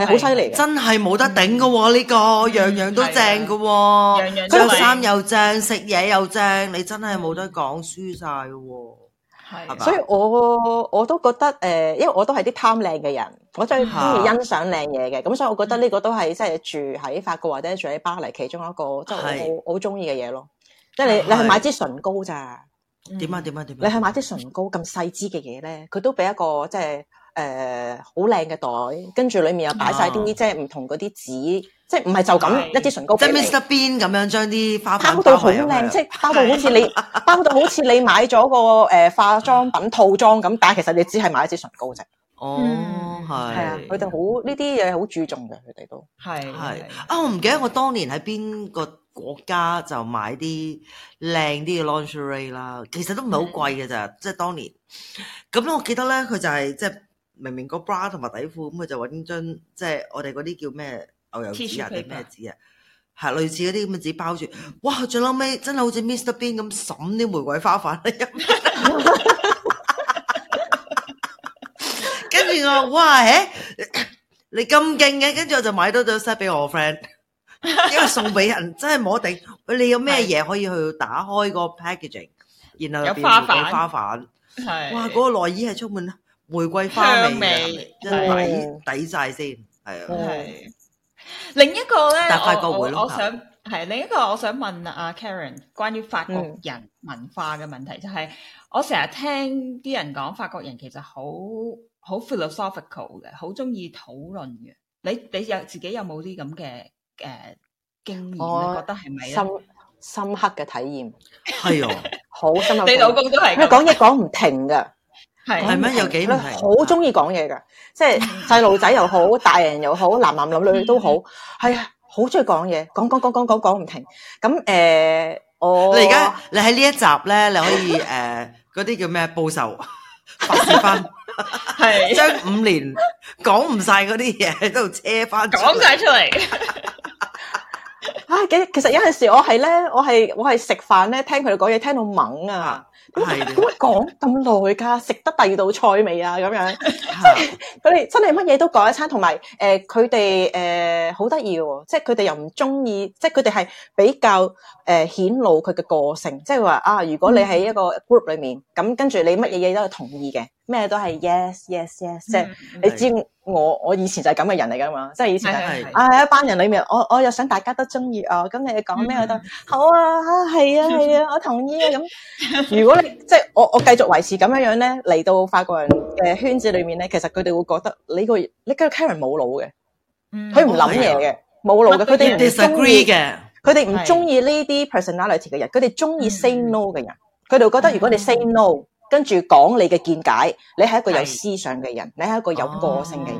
係好犀利，真係冇得頂㗎喎！呢個樣樣都正㗎喎，又衫又正，食嘢又正，你真係冇得講，輸曬㗎喎！係，所以我我都覺得誒，因為我都係啲貪靚嘅人，我最中意欣賞靚嘢嘅，咁所以我覺得呢個都係即係住喺法國或者住喺巴黎其中一個即係我好中意嘅嘢咯。即係你你去買支唇膏咋？點啊點啊點啊！你去買支唇膏咁細支嘅嘢咧，佢都俾一個即係。誒，好靚嘅袋，跟住裏面又擺晒啲啲，即係唔同嗰啲紙，即係唔係就咁一支唇膏。即係 Mr. Bean 咁樣將啲花花包到好靚，即係包到好似你包到好似你買咗個誒化妝品套裝咁，但係其實你只係買一支唇膏啫。哦，係係啊，佢哋好呢啲嘢，好注重嘅。佢哋都係，係啊，我唔記得我當年喺邊個國家就買啲靚啲嘅 laundry 啦，其實都唔係好貴嘅咋，即係當年咁我記得咧，佢就係即係。明明個 bra 同埋底褲咁，佢就搵張即係、就是、我哋嗰啲叫咩牛油紙啊定咩紙啊，係類似嗰啲咁嘅紙包住。哇！最嬲尾真係好似 Mr. Bean 咁揾啲玫瑰花瓣、欸啊。跟住我哇，誒你咁勁嘅，跟住我就買多咗 set 俾我 friend， 因為送俾人真係冇得頂。你有咩嘢可以去打開個 packaging，是然後有花粉有花瓣，花瓣。係。哇！嗰、嗰個內衣係充滿啦。.玫瑰花味，抵抵曬先，係啊。另一個咧，但係法國會咯。我想係另一個，我想問阿 Karen 關於法國人文化嘅問題，就係我成日聽啲人講法國人其實好好 philosophical 嘅，好中意討論嘅。你你有自己有冇啲咁嘅誒經驗？你覺得係咪深深刻嘅體驗？係啊，好深刻。你老公都係佢講嘢講唔停㗎。係，係咩有幾咩、啊？好中意講嘢噶，啊、即係細路仔又好，大人又好，男男女女、嗯、都好，係啊，好中意講嘢，講講講講講講唔停。咁、嗯、誒，哦、呃，你而家你喺呢一集咧，你可以誒嗰啲叫咩報仇，發洩翻，係將 是五年講唔晒嗰啲嘢喺度車翻，講晒出嚟。 啊，其實有陣時我係咧，我係我係食飯咧，聽佢哋講嘢，聽到懵啊。 係，講咁耐噶，食得第二道菜未啊？咁樣， 即係佢哋真係乜嘢都講一餐，同埋誒，佢哋誒好得意嘅，即係佢哋又唔中意，即係佢哋係比較誒顯、呃、露佢嘅個性，即係話啊，如果你喺一個 group 裏面，咁、嗯、跟住你乜嘢嘢都係同意嘅。咩都係 yes yes yes，即係你知我我以前就係咁嘅人嚟噶嘛，即係以前啊一班人裏面，我我又想大家都中意我，咁你講咩我都好啊嚇，係啊係啊，我同意啊咁。如果你即係我我繼續維持咁樣樣咧，嚟到法國人嘅圈子裏面咧，其實佢哋會覺得你個你個 Karen 冇腦嘅，佢唔諗嘢嘅，冇腦嘅。佢哋唔中意嘅，佢哋唔中意呢啲 personality 嘅人，佢哋中意 say no 嘅人，佢哋會覺得如果你 say no。跟住講你嘅見解，你係一個有思想嘅人，你係一個有個性嘅人，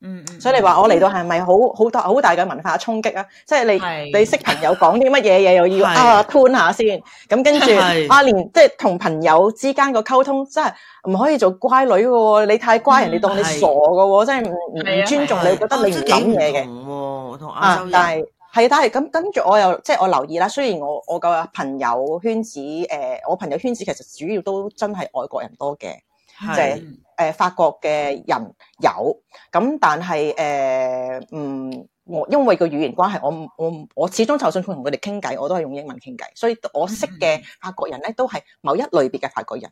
嗯嗯。所以你話我嚟到係咪好好大好大嘅文化衝擊啊？即係你你識朋友講啲乜嘢嘢又要啊判下先，咁跟住啊連即係同朋友之間個溝通真係唔可以做乖女㗎喎，你太乖人哋當你傻㗎喎，真係唔唔尊重你，覺得你唔諗嘢嘅。同同喎，啊但係。係，但係咁跟住我又即係我留意啦。雖然我我個朋友圈子，誒、呃、我朋友圈子其實主要都真係外國人多嘅，即係誒法國嘅人有咁，但係誒、呃、嗯，我因為個語言關係我我我始終就算佢同佢哋傾偈，我都係用英文傾偈，所以我識嘅法國人咧的都係某一類別嘅法國人。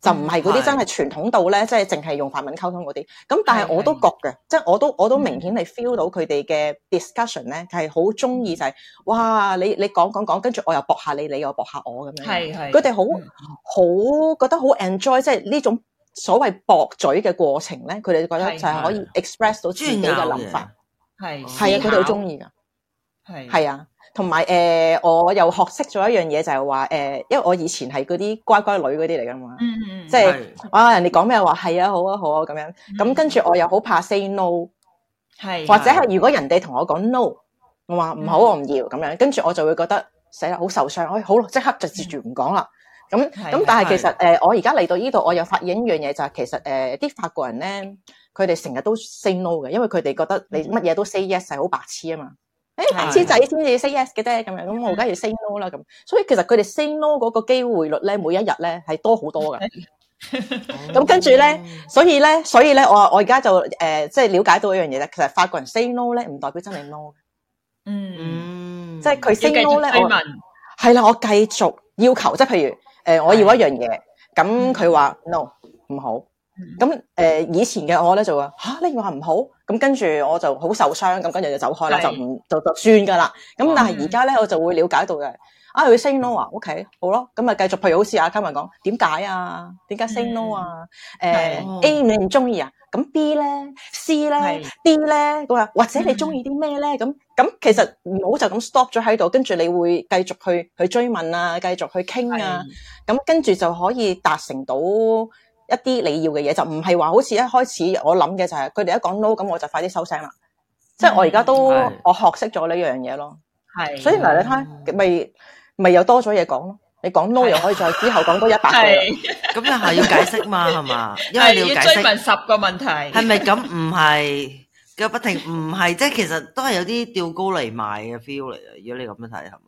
就唔係嗰啲真係傳統到咧，即係淨係用法文溝通嗰啲。咁、嗯、但係我都覺嘅，是是即係我都我都明顯係 feel 到佢哋嘅 discussion 咧係好中意、嗯、就係、是，哇！你你講講講，跟住我又駁下你，你又駁下我咁樣。係係是，佢哋的好好覺得好 enjoy，即係呢種所謂駁嘴嘅過程咧，佢哋覺得就係可以 express 到自己嘅諗法。係係啊，佢哋好中意噶。係係啊。同埋誒，我又學識咗一樣嘢，就係話誒，因為我以前係嗰啲乖乖女嗰啲嚟㗎嘛，即係啊人哋講咩話係啊好啊好啊咁樣，咁、嗯嗯、跟住我又好怕 say no，係或者係如果人哋同我講 no，我話唔好、嗯、我唔要咁樣，跟住我就會覺得死啦好受傷，我好即刻就接住唔講啦，咁咁但係其實誒我而家嚟到呢度，我又發現一樣嘢就係、是、其實誒啲、呃呃、法國人咧，佢哋成日都 say no 嘅，因為佢哋覺得你乜嘢都 say yes 係好白痴啊嘛。誒，黐仔先至 say yes 嘅啫，咁樣，咁我梗係要 say no 啦，咁，所以其實佢哋 say no 嗰個機會率咧，每一日咧係多好多㗎，咁跟住咧，所以咧，所以咧，我我而家就誒，即係了解到一樣嘢咧，其實法國人 say no 咧，唔代表真係 no，嗯，即係佢 say no 咧，我係啦，我繼續要求，即係譬如，誒，我要一樣嘢，咁佢話 no，唔好。咁誒、嗯呃，以前嘅我咧就話吓、啊，你話唔好，咁跟住我就好受傷，咁跟住就走開啦是，就唔就算噶啦。咁但係而家咧，我就會了解到嘅。啊，佢 say no 啊，OK，好咯，咁啊繼續。譬如好似阿 Carmen 講，點解啊？點解 say no 啊？誒，A 你唔中意啊？咁 B 咧，C 咧是，D 咧，咁啊，或者你中意啲咩咧？咁咁是其實唔好就咁 stop 咗喺度，跟住你會繼續去去追問啊，繼續去傾啊，咁是是跟住就可以達成到。一啲你要嘅嘢，就唔係話好似一開始我諗嘅就係佢哋一講 no，咁我就快啲收聲啦，即係我而家都我學識咗呢樣嘢咯，係，所以嗱你睇，咪咪又多咗嘢講咯，你講 no 又可以再之後講多一百個，咁又係要解釋嘛，係嘛，因為你要追問十個問題，係咪咁？唔係，佢不停唔係，即係其實都係有啲吊高嚟賣嘅 feel 嚟嘅，如果你咁樣睇係嘛。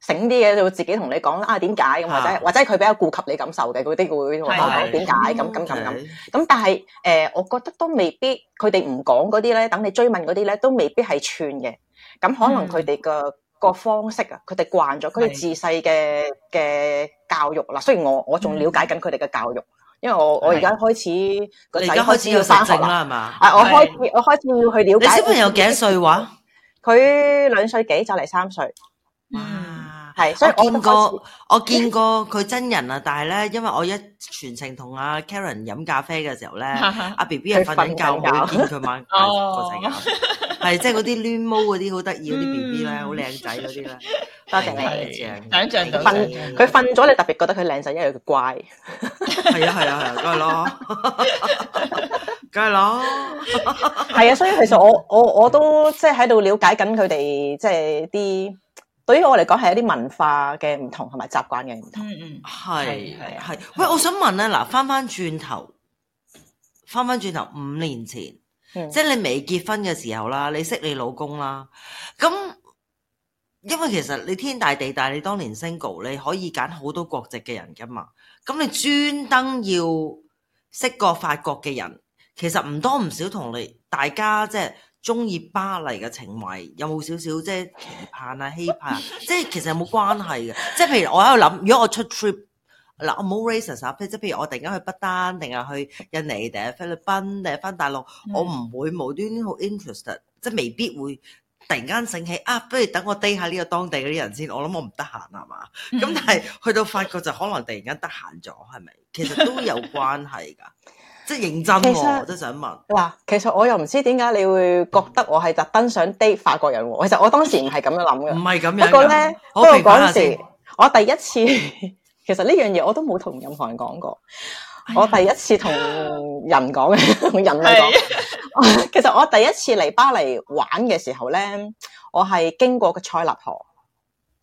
醒啲嘢就會自己同你講啊，點解咁，或者或者佢比較顧及你感受嘅嗰啲會同你講點解咁咁咁咁咁，但係誒，我覺得都未必佢哋唔講嗰啲咧，等你追問嗰啲咧，都未必係串嘅。咁可能佢哋嘅個方式啊，佢哋慣咗，佢哋自細嘅嘅教育啦。雖然我我仲了解緊佢哋嘅教育，因為我我而家開始個仔開始要返學啦，係嘛？啊，我開我開始要去了解。你小朋友幾多歲話？佢兩歲幾，就嚟三歲。嗯。係，所以我見過我見過佢真人啊！但係咧，因為我一全程同阿 Karen 飲咖啡嘅時候咧，阿 B B 啊瞓緊覺，我見佢晚個仔啊，係即係嗰啲攣毛嗰啲好得意嗰啲 B B 啦，好靚仔嗰啲啦，多謝你，想象，到佢瞓咗，你特別覺得佢靚仔，因為佢乖。係啊，係啊，係啊，梗係咯，梗係咯，係啊，所以其實我我我都即係喺度了解緊佢哋即係啲。就是對於我嚟講係一啲文化嘅唔同同埋習慣嘅唔同，嗯嗯，係係係。啊啊啊、喂，我想問咧，嗱，翻翻轉頭，翻翻轉頭，五年前，嗯、即係你未結婚嘅時候啦，你識你老公啦，咁因為其實你天大地大，你當年 single 你可以揀好多國籍嘅人噶嘛，咁你專登要識過法國嘅人，其實唔多唔少同你大家即係。中意巴黎嘅情懷，有冇少少即係期盼啊、希盼？即係其實有冇關係嘅？即係譬如我喺度諗，如果我出 trip 嗱，我冇 reason 啊，即係譬如我突然間去不丹，定係去印尼，定係菲律賓，定係翻大陸，嗯、我唔會無端端好 interested，即係未必會突然間醒起啊！不如等我 date 下呢個當地嗰啲人先。我諗我唔得閒啊嘛。咁、嗯嗯、但係去到法國就可能突然間得閒咗，係咪？其實都有關係㗎。即認真喎、啊，實我都想問嗱，其實我又唔知點解你會覺得我係特登想 date 法國人喎、啊，其實我當時唔係咁樣諗嘅，唔係咁樣。不過咧，不過嗰陣時我第一次，其實呢樣嘢我都冇同任何人講過，哎、呀我第一次同人講嘅，同 人講。是 其實我第一次嚟巴黎玩嘅時候咧，我係經過個塞納河。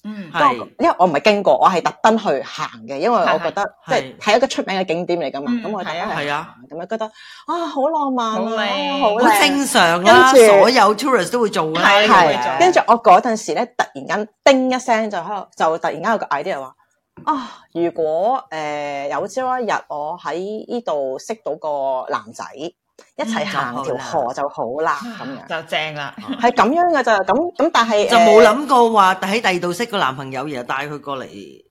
嗯，因為我唔係經過，我係特登去行嘅，因為我覺得係係即係係一個出名嘅景點嚟噶嘛，咁、嗯嗯、我真係咁樣覺得啊，好浪漫、啊，好好，好，好正常啊！所有 tourist 都會做嘅，跟住、啊、我嗰陣時咧，突然間叮一聲就喺度，就突然間有個 idea 話啊，如果誒、呃、有朝一日我喺呢度識到個男仔。一齊行條河就好啦，咁樣就正啦，係 咁樣噶咋？咁咁但係就冇諗過話喺第二度識個男朋友，然後帶佢過嚟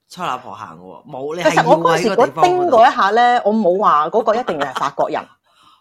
初納婆行喎，冇你係要喺一個地方。其實我嗰時嗰叮嗰一下咧，我冇話嗰個一定係法國人，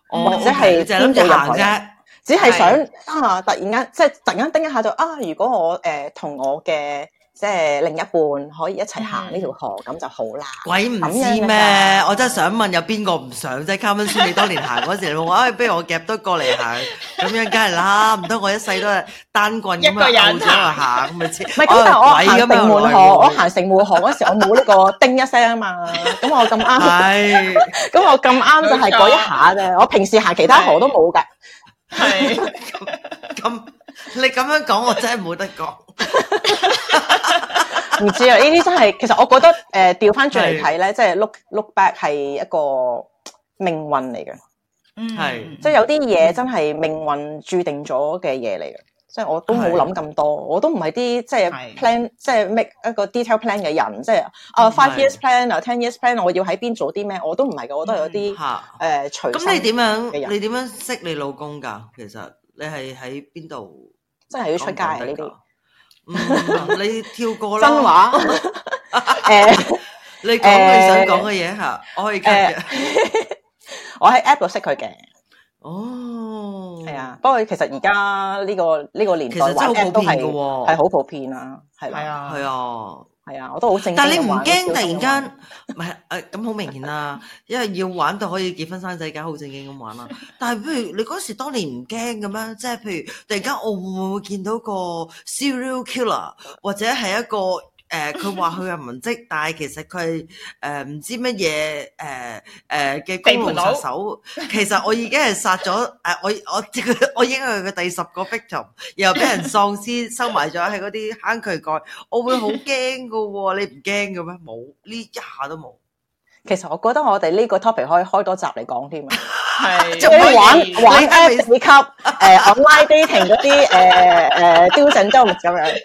或者係邊度人啫，只係想啊，突然間即係突然間叮一下就啊，如果我誒、呃、同我嘅。即係另一半可以一齊行呢條河咁就好啦。鬼唔知咩？我真係想問，有邊個唔想即係卡文舒你當年行嗰時，我話哎，不如我夾多過嚟行，咁樣梗係啦。唔通我一世都係單棍咁啊，步咗喺度行咪啊？唔係，咁但係我行城門河，我行城門河嗰時，我冇呢個叮一聲啊嘛。咁我咁啱，咁我咁啱就係嗰一下啫。我平時行其他河都冇嘅，係咁。你咁樣講，我真係冇得講。唔 知啊，呢啲真係，其實我覺得誒，調翻轉嚟睇咧，即係是 look look back 係一個命運嚟嘅。嗯是，係，即係有啲嘢真係命運注定咗嘅嘢嚟嘅，即、就、係、是、我都冇諗咁多，是我都唔係啲即係 plan，即係 make 一個 detail plan 嘅人，即係是啊 five years plan 啊，ten years plan，我要喺邊做啲咩？我都唔係嘅，我都係有啲誒，咁是、呃、你點樣？你點樣識你老公噶？其實。你係喺邊度？真係要出街啊！呢啲，你跳過啦。真話，誒，你講你想講嘅嘢吓，我可以嘅。我喺 App 度識佢嘅。哦，係啊。不過其實而家呢個呢個年代，其實真係普遍嘅，係好普遍啊。係係啊。係啊。係啊，我都好正經。但係你唔驚突然間，唔係誒，咁好明顯啦，因為要玩到可以結婚生仔，梗好正經咁玩啦。但係譬如你嗰時當年唔驚咁樣，即係譬如突然間我會唔會見到個 serial killer 或者係一個？誒，佢話佢係文職，但係其實佢誒唔知乜嘢誒誒嘅公路殺手，其實我已經係殺咗誒，我我我應該係佢第十個 victim，然後俾人喪屍收埋咗喺啲坑渠蓋，我會好驚噶喎，你唔驚噶咩？冇呢一下都冇。其實我覺得我哋呢個 topic 可以開多集嚟講添，即係玩玩 app 誒 online dating 嗰啲誒誒標準，即係咁樣。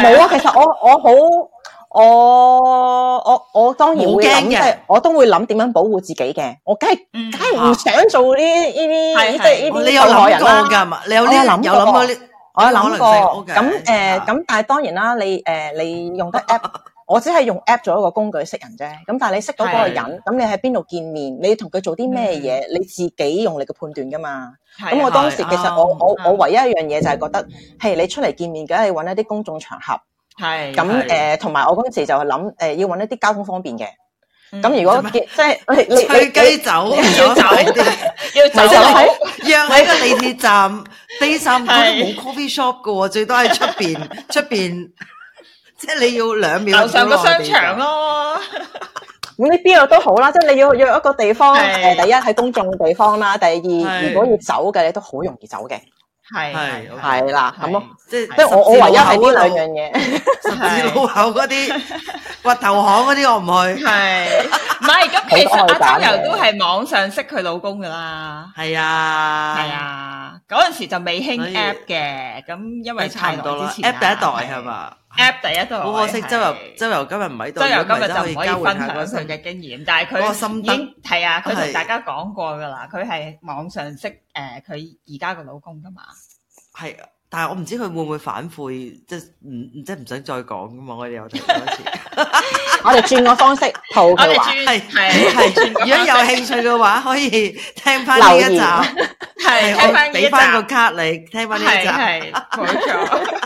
冇啊，其實我我好我我我當然會諗，即係我都會諗點樣保護自己嘅。我梗係梗係唔想做呢呢啲即係呢啲受害人㗎嘛。你有諗過？你有諗？有諗過？我有諗過。咁誒，咁但係當然啦，你誒，你用得 app。我只係用 app 做一個工具識人啫，咁但係你識到嗰個人，咁你喺邊度見面，你同佢做啲咩嘢，你自己用力嘅判斷噶嘛。咁我當時其實我我我唯一一樣嘢就係覺得，嘿,你出嚟見面梗係揾一啲公眾場合，係咁誒，同埋我嗰陣時就諗，誒，要揾一啲交通方便嘅。咁如果即係，你雞走，要走，要走，約喺個地鐵站，地站嗰度冇 coffee shop 噶，最多喺出邊，出邊。即係你要兩秒樓上個商場咯，咁你邊度都好啦。即係你要約一個地方，誒，第一喺公眾嘅地方啦，第二如果要走嘅你都好容易走嘅，係係係啦，咁咯，即係我我唯一係呢兩樣嘢，十字路口嗰啲，哇，投行嗰啲我唔去，係唔係？咁其實阿周游都係網上識佢老公噶啦，係啊係啊，嗰陣時就未興 app 嘅，咁因為太多啦，app 第一代係嘛。app 第一都好可惜，周游周游今日唔喺度，周游今日就唔可以分享佢上嘅經驗。但係佢已經係啊，佢同大家講過噶啦，佢係網上識誒，佢而家個老公噶嘛。係，但係我唔知佢會唔會反悔，即係唔唔即係唔想再講噶嘛？我哋又再多次，我哋轉個方式，好嘅話係係。如果有興趣嘅話，可以聽翻呢一集，係我俾翻個卡你，聽翻呢一集，係冇錯。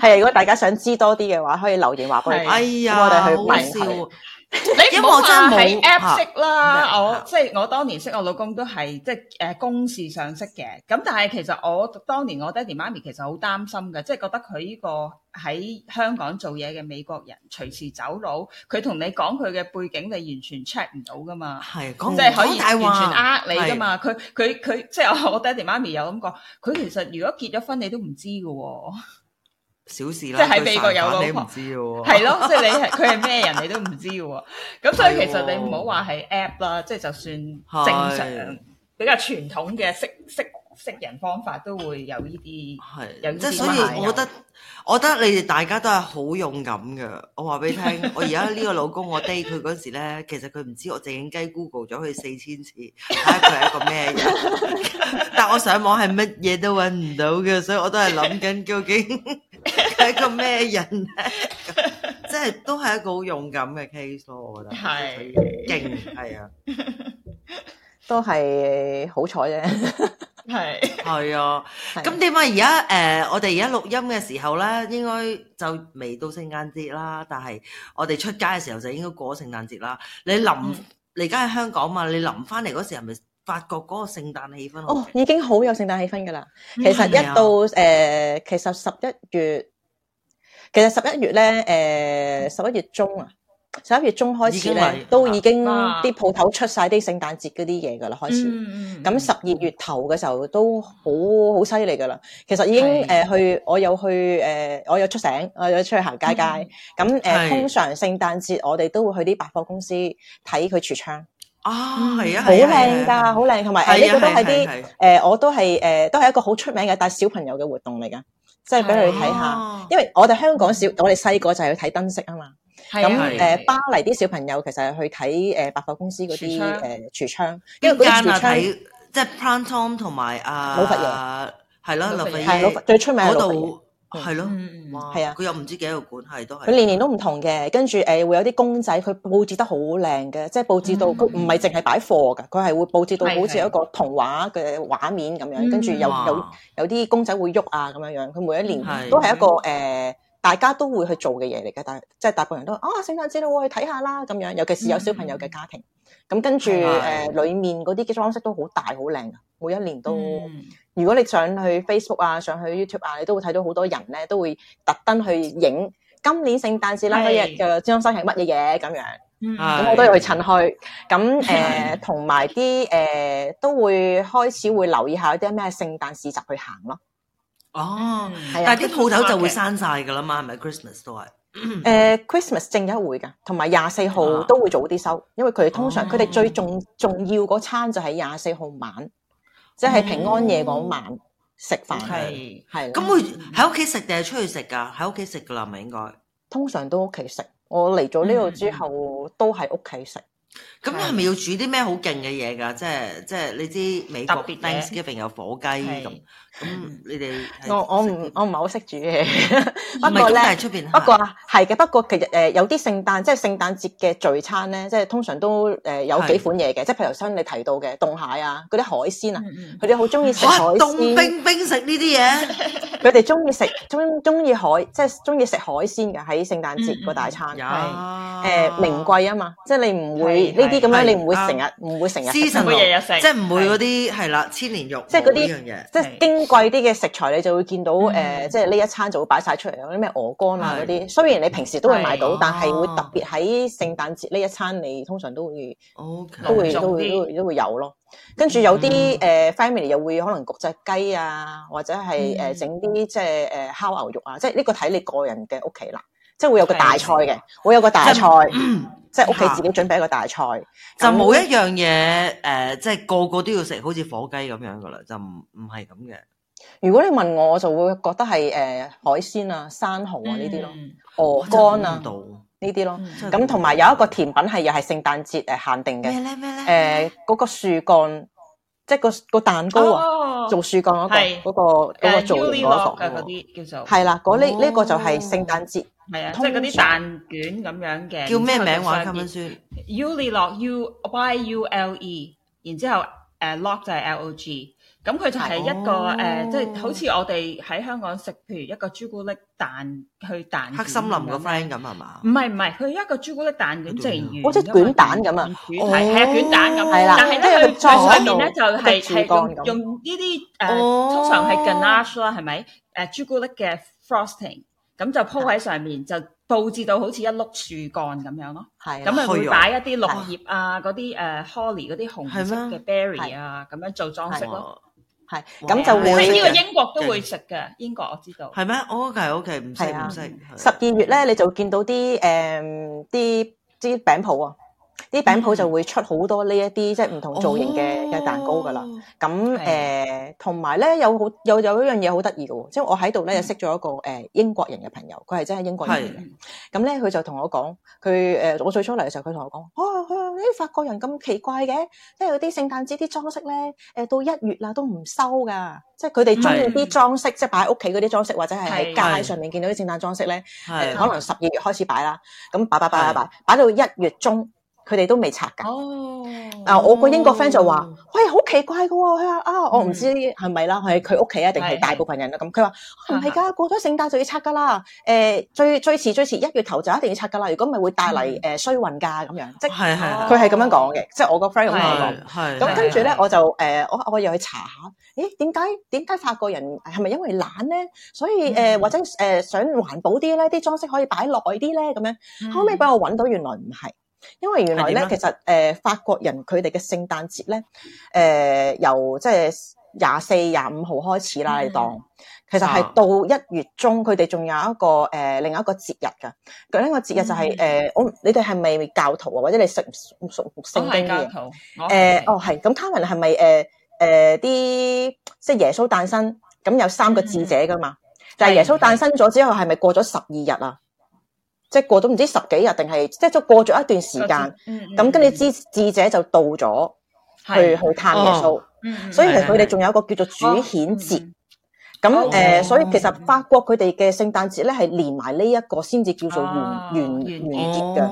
係啊，如果大家想知多啲嘅話，可以留言話俾我，呀 我，我哋去玩笑。你有冇真係 Apps 識啦，我即係我當年識我老公都係即係誒公事上識嘅，咁但係其實我當年我爹哋媽咪其實好擔心嘅，即係覺得佢呢個喺香港做嘢嘅美國人隨時走佬，佢同你講佢嘅背景你完全 check 唔到噶嘛，係、 嗯、即係可以完全呃你噶嘛，佢佢佢即係我爹哋媽咪有咁講，佢其實如果結咗婚你都唔知噶喎、哦。小事啦，即係喺美國有個，啊、 你唔知喎，係咯，即係你係佢係咩人，你都唔知喎、啊。咁 所以其實你唔好話係 App 啦，即係 就算正常 比較傳統嘅識。識。識人方法都會有呢啲，係即係，所以我覺得的我覺得你哋大家都係好勇敢嘅。我話俾你聽，我而家呢個老公我 date 佢嗰時咧，其實佢唔知我靜雞 google 咗佢四千次，睇下佢係一個咩人。但我上網係乜嘢都揾唔到嘅，所以我都係諗緊究竟係一個咩人咧？即 係都係一個好勇敢嘅 case 咯，我覺得係勁，係啊的，都係好彩啫。 係係啊，咁點解？而家誒，我哋而家錄音嘅時候咧，應該就未到聖誕節啦。但係我哋出街嘅時候就應該過聖誕節啦。你臨你而家喺香港嘛？你臨翻嚟嗰時候，係咪發覺嗰個聖誕氣氛？哦，已經好有聖誕氣氛噶啦。其實一到誒，其實十一月，其實十一月咧，誒十一月中啊。十一月中開始咧，都已經啲鋪頭出晒啲聖誕節嗰啲嘢㗎喇。開始咁十二月頭嘅時候都好好犀利㗎喇。其實已經誒去，我有去誒，我有出城，我有出去行街街。咁誒，通常聖誕節我哋都會去啲百貨公司睇佢櫥窗。啊，係啊，好靚㗎，好靚，同埋誒呢個都係啲誒，我都係誒，都係一個好出名嘅帶小朋友嘅活動嚟㗎，即係俾佢哋睇下。因為我哋香港小，我哋細個就係去睇燈飾啊嘛。咁誒，巴黎啲小朋友其實係去睇誒百貨公司嗰啲誒櫥窗，一間啊睇，即係 Printemps 同埋啊，老佛爺，係啦，老佛爺，最出名嗰度係咯，係啊，佢又唔知幾多個館，係都係。佢年年都唔同嘅，跟住誒會有啲公仔，佢佈置得好靚嘅，即係佈置到佢唔係淨係擺貨㗎，佢係會佈置到好似一個童話嘅畫面咁樣，跟住又又有啲公仔會喐啊咁樣樣，佢每一年都係一個誒。大家都會去做嘅嘢嚟嘅，但大即係、就是、大部分人都啊聖誕節我去睇下啦咁樣，尤其是有小朋友嘅家庭。咁跟住誒，裡面嗰啲裝飾都好大好靚啊。每一年都。如果你上去 Facebook 啊，上去 YouTube 啊，你都會睇到好多人咧，都會特登去影今年聖誕節啦嗰日嘅裝飾係乜嘢嘢？咁、mm. 樣。咁、mm. 我都要去趁墟。咁誒，同埋啲誒都會開始會留意一下啲咩聖誕市集去行咯。哦，但係啲鋪頭就會閂晒噶啦嘛，係咪？Christmas 都係，誒，Christmas 正一會噶，同埋廿四號都會早啲收，因為佢哋通常佢哋最重重要嗰餐就係廿四號晚，即係平安夜嗰晚食飯係，係咁會喺屋企食定係出去食噶？喺屋企食噶啦，係咪應該？通常都屋企食，我嚟咗呢度之後都喺屋企食。咁你係咪要煮啲咩好勁嘅嘢㗎？即係即係你知美國 Thanksgiving 有火雞咁，咁你哋我我唔我唔係好識煮，嘅，不過咧出邊不過係嘅。不過其實誒有啲聖誕即係聖誕節嘅聚餐咧，即係通常都誒有幾款嘢嘅。即係譬如頭先你提到嘅凍蟹啊，嗰啲海鮮啊，佢哋好中意食海鮮凍冰冰食呢啲嘢。佢哋中意食中中意海即係中意食海鮮嘅喺聖誕節個大餐。係誒名貴啊嘛，即係你唔會啲咁樣你唔會成日唔會成日日日食，即係唔會嗰啲係啦，千年肉，即係啲即係矜貴啲嘅食材，你就會見到誒，即係呢一餐就會擺晒出嚟，嗰啲咩鵝肝啊嗰啲。雖然你平時都會買到，但係會特別喺聖誕節呢一餐，你通常都會都會都會都會有咯。跟住有啲誒 family 又會可能焗隻雞啊，或者係誒整啲即係誒烤牛肉啊，即係呢個睇你個人嘅屋企啦。即係會有個大菜嘅，會有個大菜。即係屋企自己準備一個大菜，就冇一樣嘢誒，即係個個都要食，好似火雞咁樣噶啦，就唔唔係咁嘅。如果你問我，我就會覺得係誒海鮮啊、生蚝啊呢啲咯，鵝肝啊呢啲咯。咁同埋有一個甜品係又係聖誕節誒限定嘅。咩咧？咩咧？誒，嗰個樹幹，即係個個蛋糕啊，做樹幹嗰個，嗰個嗰個造型嗰啲叫做係啦。呢呢個就係聖誕節。係啊，即係嗰啲蛋卷咁樣嘅。叫咩名話咁樣說？Ulelog，U Y U L E，然之後誒 log 就係 L O G，咁佢就係一個誒，即係好似我哋喺香港食，譬如一個朱古力蛋去蛋。黑森林嘅 friend 咁係嘛？唔係唔係，佢一個朱古力蛋卷，即係好似卷蛋咁啊！係啊，卷蛋咁，係啦。但係咧佢上面咧就係係用用呢啲誒，通常係 ganache 啦，係咪？誒，朱古力嘅 frosting。咁就鋪喺上面，就佈置到好似一碌樹幹咁樣咯。係，咁啊會擺一啲綠葉啊，嗰啲誒 holly 嗰啲紅色嘅 berry 啊，咁樣做裝飾咯。係，咁就我聽呢個英國都會食嘅，英國我知道。係咩？O K O K，唔識唔識。十二月咧，你就見到啲誒啲啲餅鋪啊。啲餅鋪就會出好多呢一啲即係唔同造型嘅嘅，哦，蛋糕㗎啦。咁，嗯，誒，同埋咧有好有有，有一樣嘢好得意嘅喎，即係我喺度咧識咗一個誒英國人嘅朋友，佢係真係英國人嚟嘅。咁咧佢就同我講，佢誒我最初嚟嘅時候，佢同我講啊，啲，啊啊，法國人咁奇怪嘅，即係有啲聖誕節啲裝飾咧，誒，呃，到一月啦都唔收㗎，即係佢哋中意啲裝飾，是嗯，即係擺喺屋企嗰啲裝飾，或者係喺街上面見到啲聖誕裝飾咧，可能十二月開始擺啦，咁擺擺擺擺擺，擺到一月中。佢哋都未拆㗎。啊！我個英國 friend 就話，喂、mm，好奇怪嘅喎！佢話啊，我唔知係咪啦，係佢屋企啊，定係大部分人的啊咁。佢話唔係㗎，過咗聖誕就要拆㗎啦。誒、呃，最最遲最遲，最遲一月頭就一定要拆㗎啦。如果咪會帶嚟誒、呃、衰運㗎咁樣。係係，佢係咁樣講嘅，即係我個 friend 咁樣講。咁跟住咧，我就誒、呃，我我又去查下，誒點解點解法國人係咪因為懶咧？所以誒、呃、或者誒、呃、想環保啲咧，啲裝飾可以擺耐啲咧咁樣。後尾俾我揾到，原來唔係。.因為原來咧，何其實誒、呃，法國人佢哋嘅聖誕節咧，誒、呃，由即係廿四廿五號開始啦。你當 其實係到一月中，佢哋仲有一個誒、呃，另一個節日噶。佢呢個節日就係、是、誒，我、 呃、你哋係咪教徒啊？或者你識唔熟聖經嘅？誒、okay. 呃，哦係。咁 Carmen 係咪誒誒啲即係耶穌誕生？咁有三個智者噶嘛？ 嗯、但係耶穌誕生咗之後是是，係咪過咗十二日啊？即係過咗唔知十幾日定係，即係就過咗一段時間。嗯，咁跟住智智者就到咗去好探耶穌。嗯，所以係佢哋仲有一個叫做主顯節。咁誒，所以其實法國佢哋嘅聖誕節咧係連埋呢一個先至叫做完完完結嘅。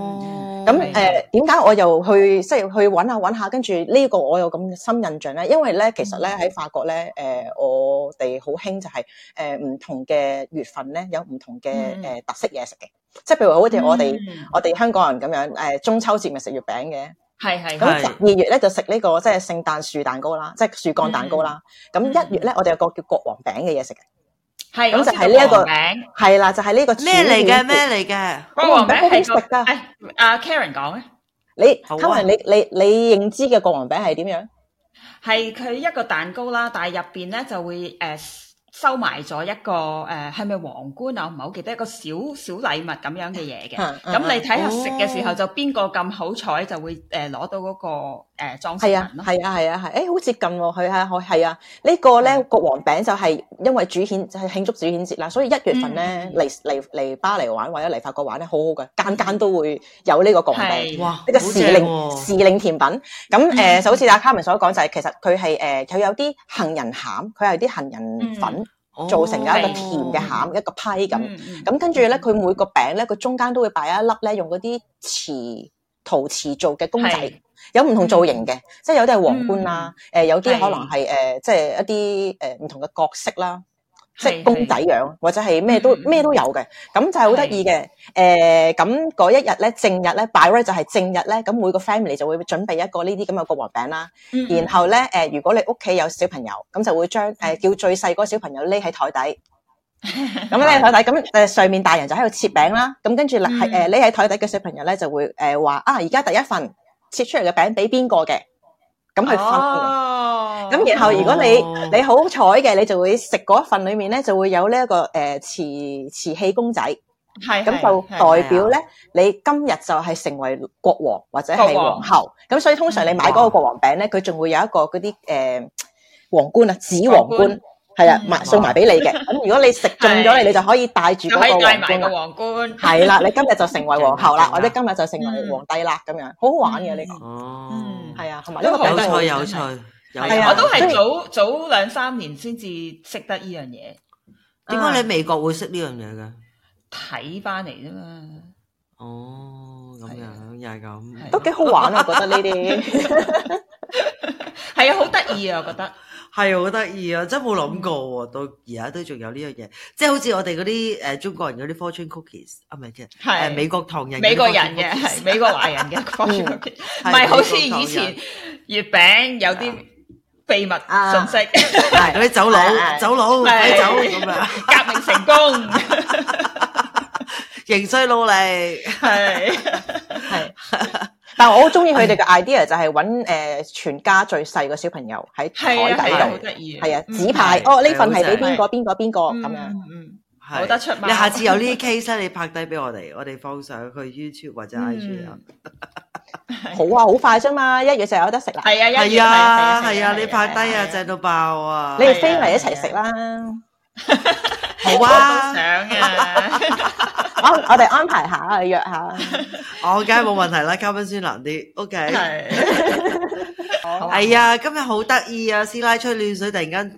咁誒，點解我又去即係去揾下揾下，跟住呢個我有咁深印象咧？因為咧，其實咧喺法國咧，誒，我哋好興就係誒唔同嘅月份咧有唔同嘅誒特色嘢食嘅。即係譬如好似我哋我哋香港人咁樣，誒，中秋節咪食月餅嘅，係係。咁十二月咧就食呢個即係聖誕樹蛋糕啦，即係樹幹蛋糕啦。咁一月咧，我哋有個叫國王餅嘅嘢食嘅，係咁就係呢一個，係啦就係呢個咩嚟嘅咩嚟嘅國王餅好食噶。阿 Karen 講咧，你 Karen 你你你認知嘅國王餅係點樣？係佢一個蛋糕啦，但係入邊咧就會誒。收埋咗一個誒，係、呃、咪皇冠啊？我唔係好記得一個小小禮物咁樣嘅嘢嘅。咁 你睇下食嘅時候，哦、就邊個咁好彩，就會誒攞、呃、到嗰、嗰個誒裝飾，係啊，係啊，係啊，係、啊。誒、啊欸，好似咁喎，佢啊，係啊。啊呢個、呢個咧國王餅就係因為主顯就係慶祝主顯節啦，所以一月份咧嚟嚟嚟巴黎玩或者嚟法國玩咧，好好嘅，間間都會有呢個國王餅。啊、哇，好正喎！時令、啊、時令甜品。咁誒，就好似阿卡文所講，就係其實佢係誒佢有啲杏仁餡，佢係啲杏仁粉。嗯做成一個甜嘅餡，哦、一個批咁，咁、嗯、跟住咧，佢每個餅咧，佢中間都會擺一粒咧，用嗰啲瓷陶瓷做嘅公仔，是有唔同造型嘅，即係有啲係皇冠啦，誒、呃，有啲可能係誒，即係一啲誒唔同嘅角色啦。即公仔樣，或者係咩都咩、嗯、哼都有嘅，咁就係好得意嘅。誒的，咁嗰、呃、一日咧，正日咧，拜日就係正日咧，咁每個 family 就會準備一個呢啲咁嘅國王餅啦。嗯、哼然後咧，誒、呃，如果你屋企有小朋友，咁就會將誒、呃、叫最細嗰個小朋友匿喺台底。咁咧台底，咁誒 上面大人就喺度切餅啦。咁跟住係誒匿喺台底嘅小朋友咧，就會誒話啊，而家第一份切出嚟嘅餅俾邊個嘅？咁去分。 咁然後如果你你好彩嘅，你就會食嗰一份裏面咧，就會有呢一個誒瓷瓷器公仔，係咁就代表咧，你今日就係成為國王或者係皇后。咁所以通常你買嗰個國王餅咧，佢仲會有一個嗰啲誒皇冠啊，紫皇冠係啊，埋送埋俾你嘅。咁如果你食中咗你，你就可以戴住嗰個皇冠啊，係啦，你今日就成為皇后啦，或者今日就成為皇帝啦，咁樣好好玩嘅呢個哦，係啊，同埋呢個有趣有趣。係，我都係早早兩三年先至識得呢樣嘢。點解你喺美國會識呢樣嘢㗎？睇翻嚟啫嘛。哦，咁樣又係咁，都幾好玩啊！我覺得呢啲係啊，好得意啊！我覺得係啊，好得意啊！真冇諗過，到而家都仲有呢樣嘢。即係好似我哋嗰啲誒，中國人嗰啲 fortune cookies 啊，唔係嘅，係美國唐人美國人嘅，係美國華人嘅 fortune cookies，唔係好似以前月餅有啲。秘密信息，嗰啲走佬，走佬，走咁樣，革命成功，仍需努力，係係。但係我好中意佢哋嘅 idea，就係揾誒全家最細嘅小朋友喺海底度，得係啊紙牌，哦呢份係俾邊個？邊個？邊個？咁樣，嗯，冇得出。你下次有呢啲 case，你拍低俾我哋，我哋放上去 YouTube 或者 IG 啊。好啊，好快啫嘛，一月就有得食啦。係啊，係啊，係啊，你派低啊，正到爆啊！你哋飛嚟一齊食啦，好啊，想啊，我我哋安排下啊，約下。我梗係冇問題啦，嘉賓先難啲，OK。係啊，今日好得意啊，師奶吹暖水，突然間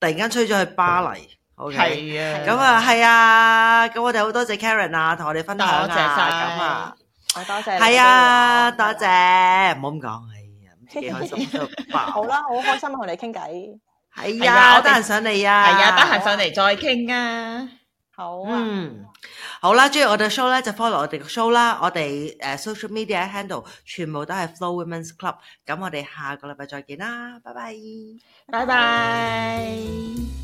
突然間吹咗去巴黎。係啊，咁啊，係啊，咁我哋好多謝 Karen 啊，同我哋分享啊。多謝晒咁啊。多謝多、啊，係啊，多謝，唔好咁講，哎呀，幾開心，好啦，好開心同你傾偈，係啊，我得閒上嚟啊，係啊，得閒上嚟再傾啊，好啊，嗯，好啦，中意我哋嘅 show 咧就 follow 我哋嘅 show 啦，我哋誒、uh, social media handle 全部都係 Flo Women's Club，咁我哋下個禮拜再見啦，拜拜，拜拜 bye。Bye.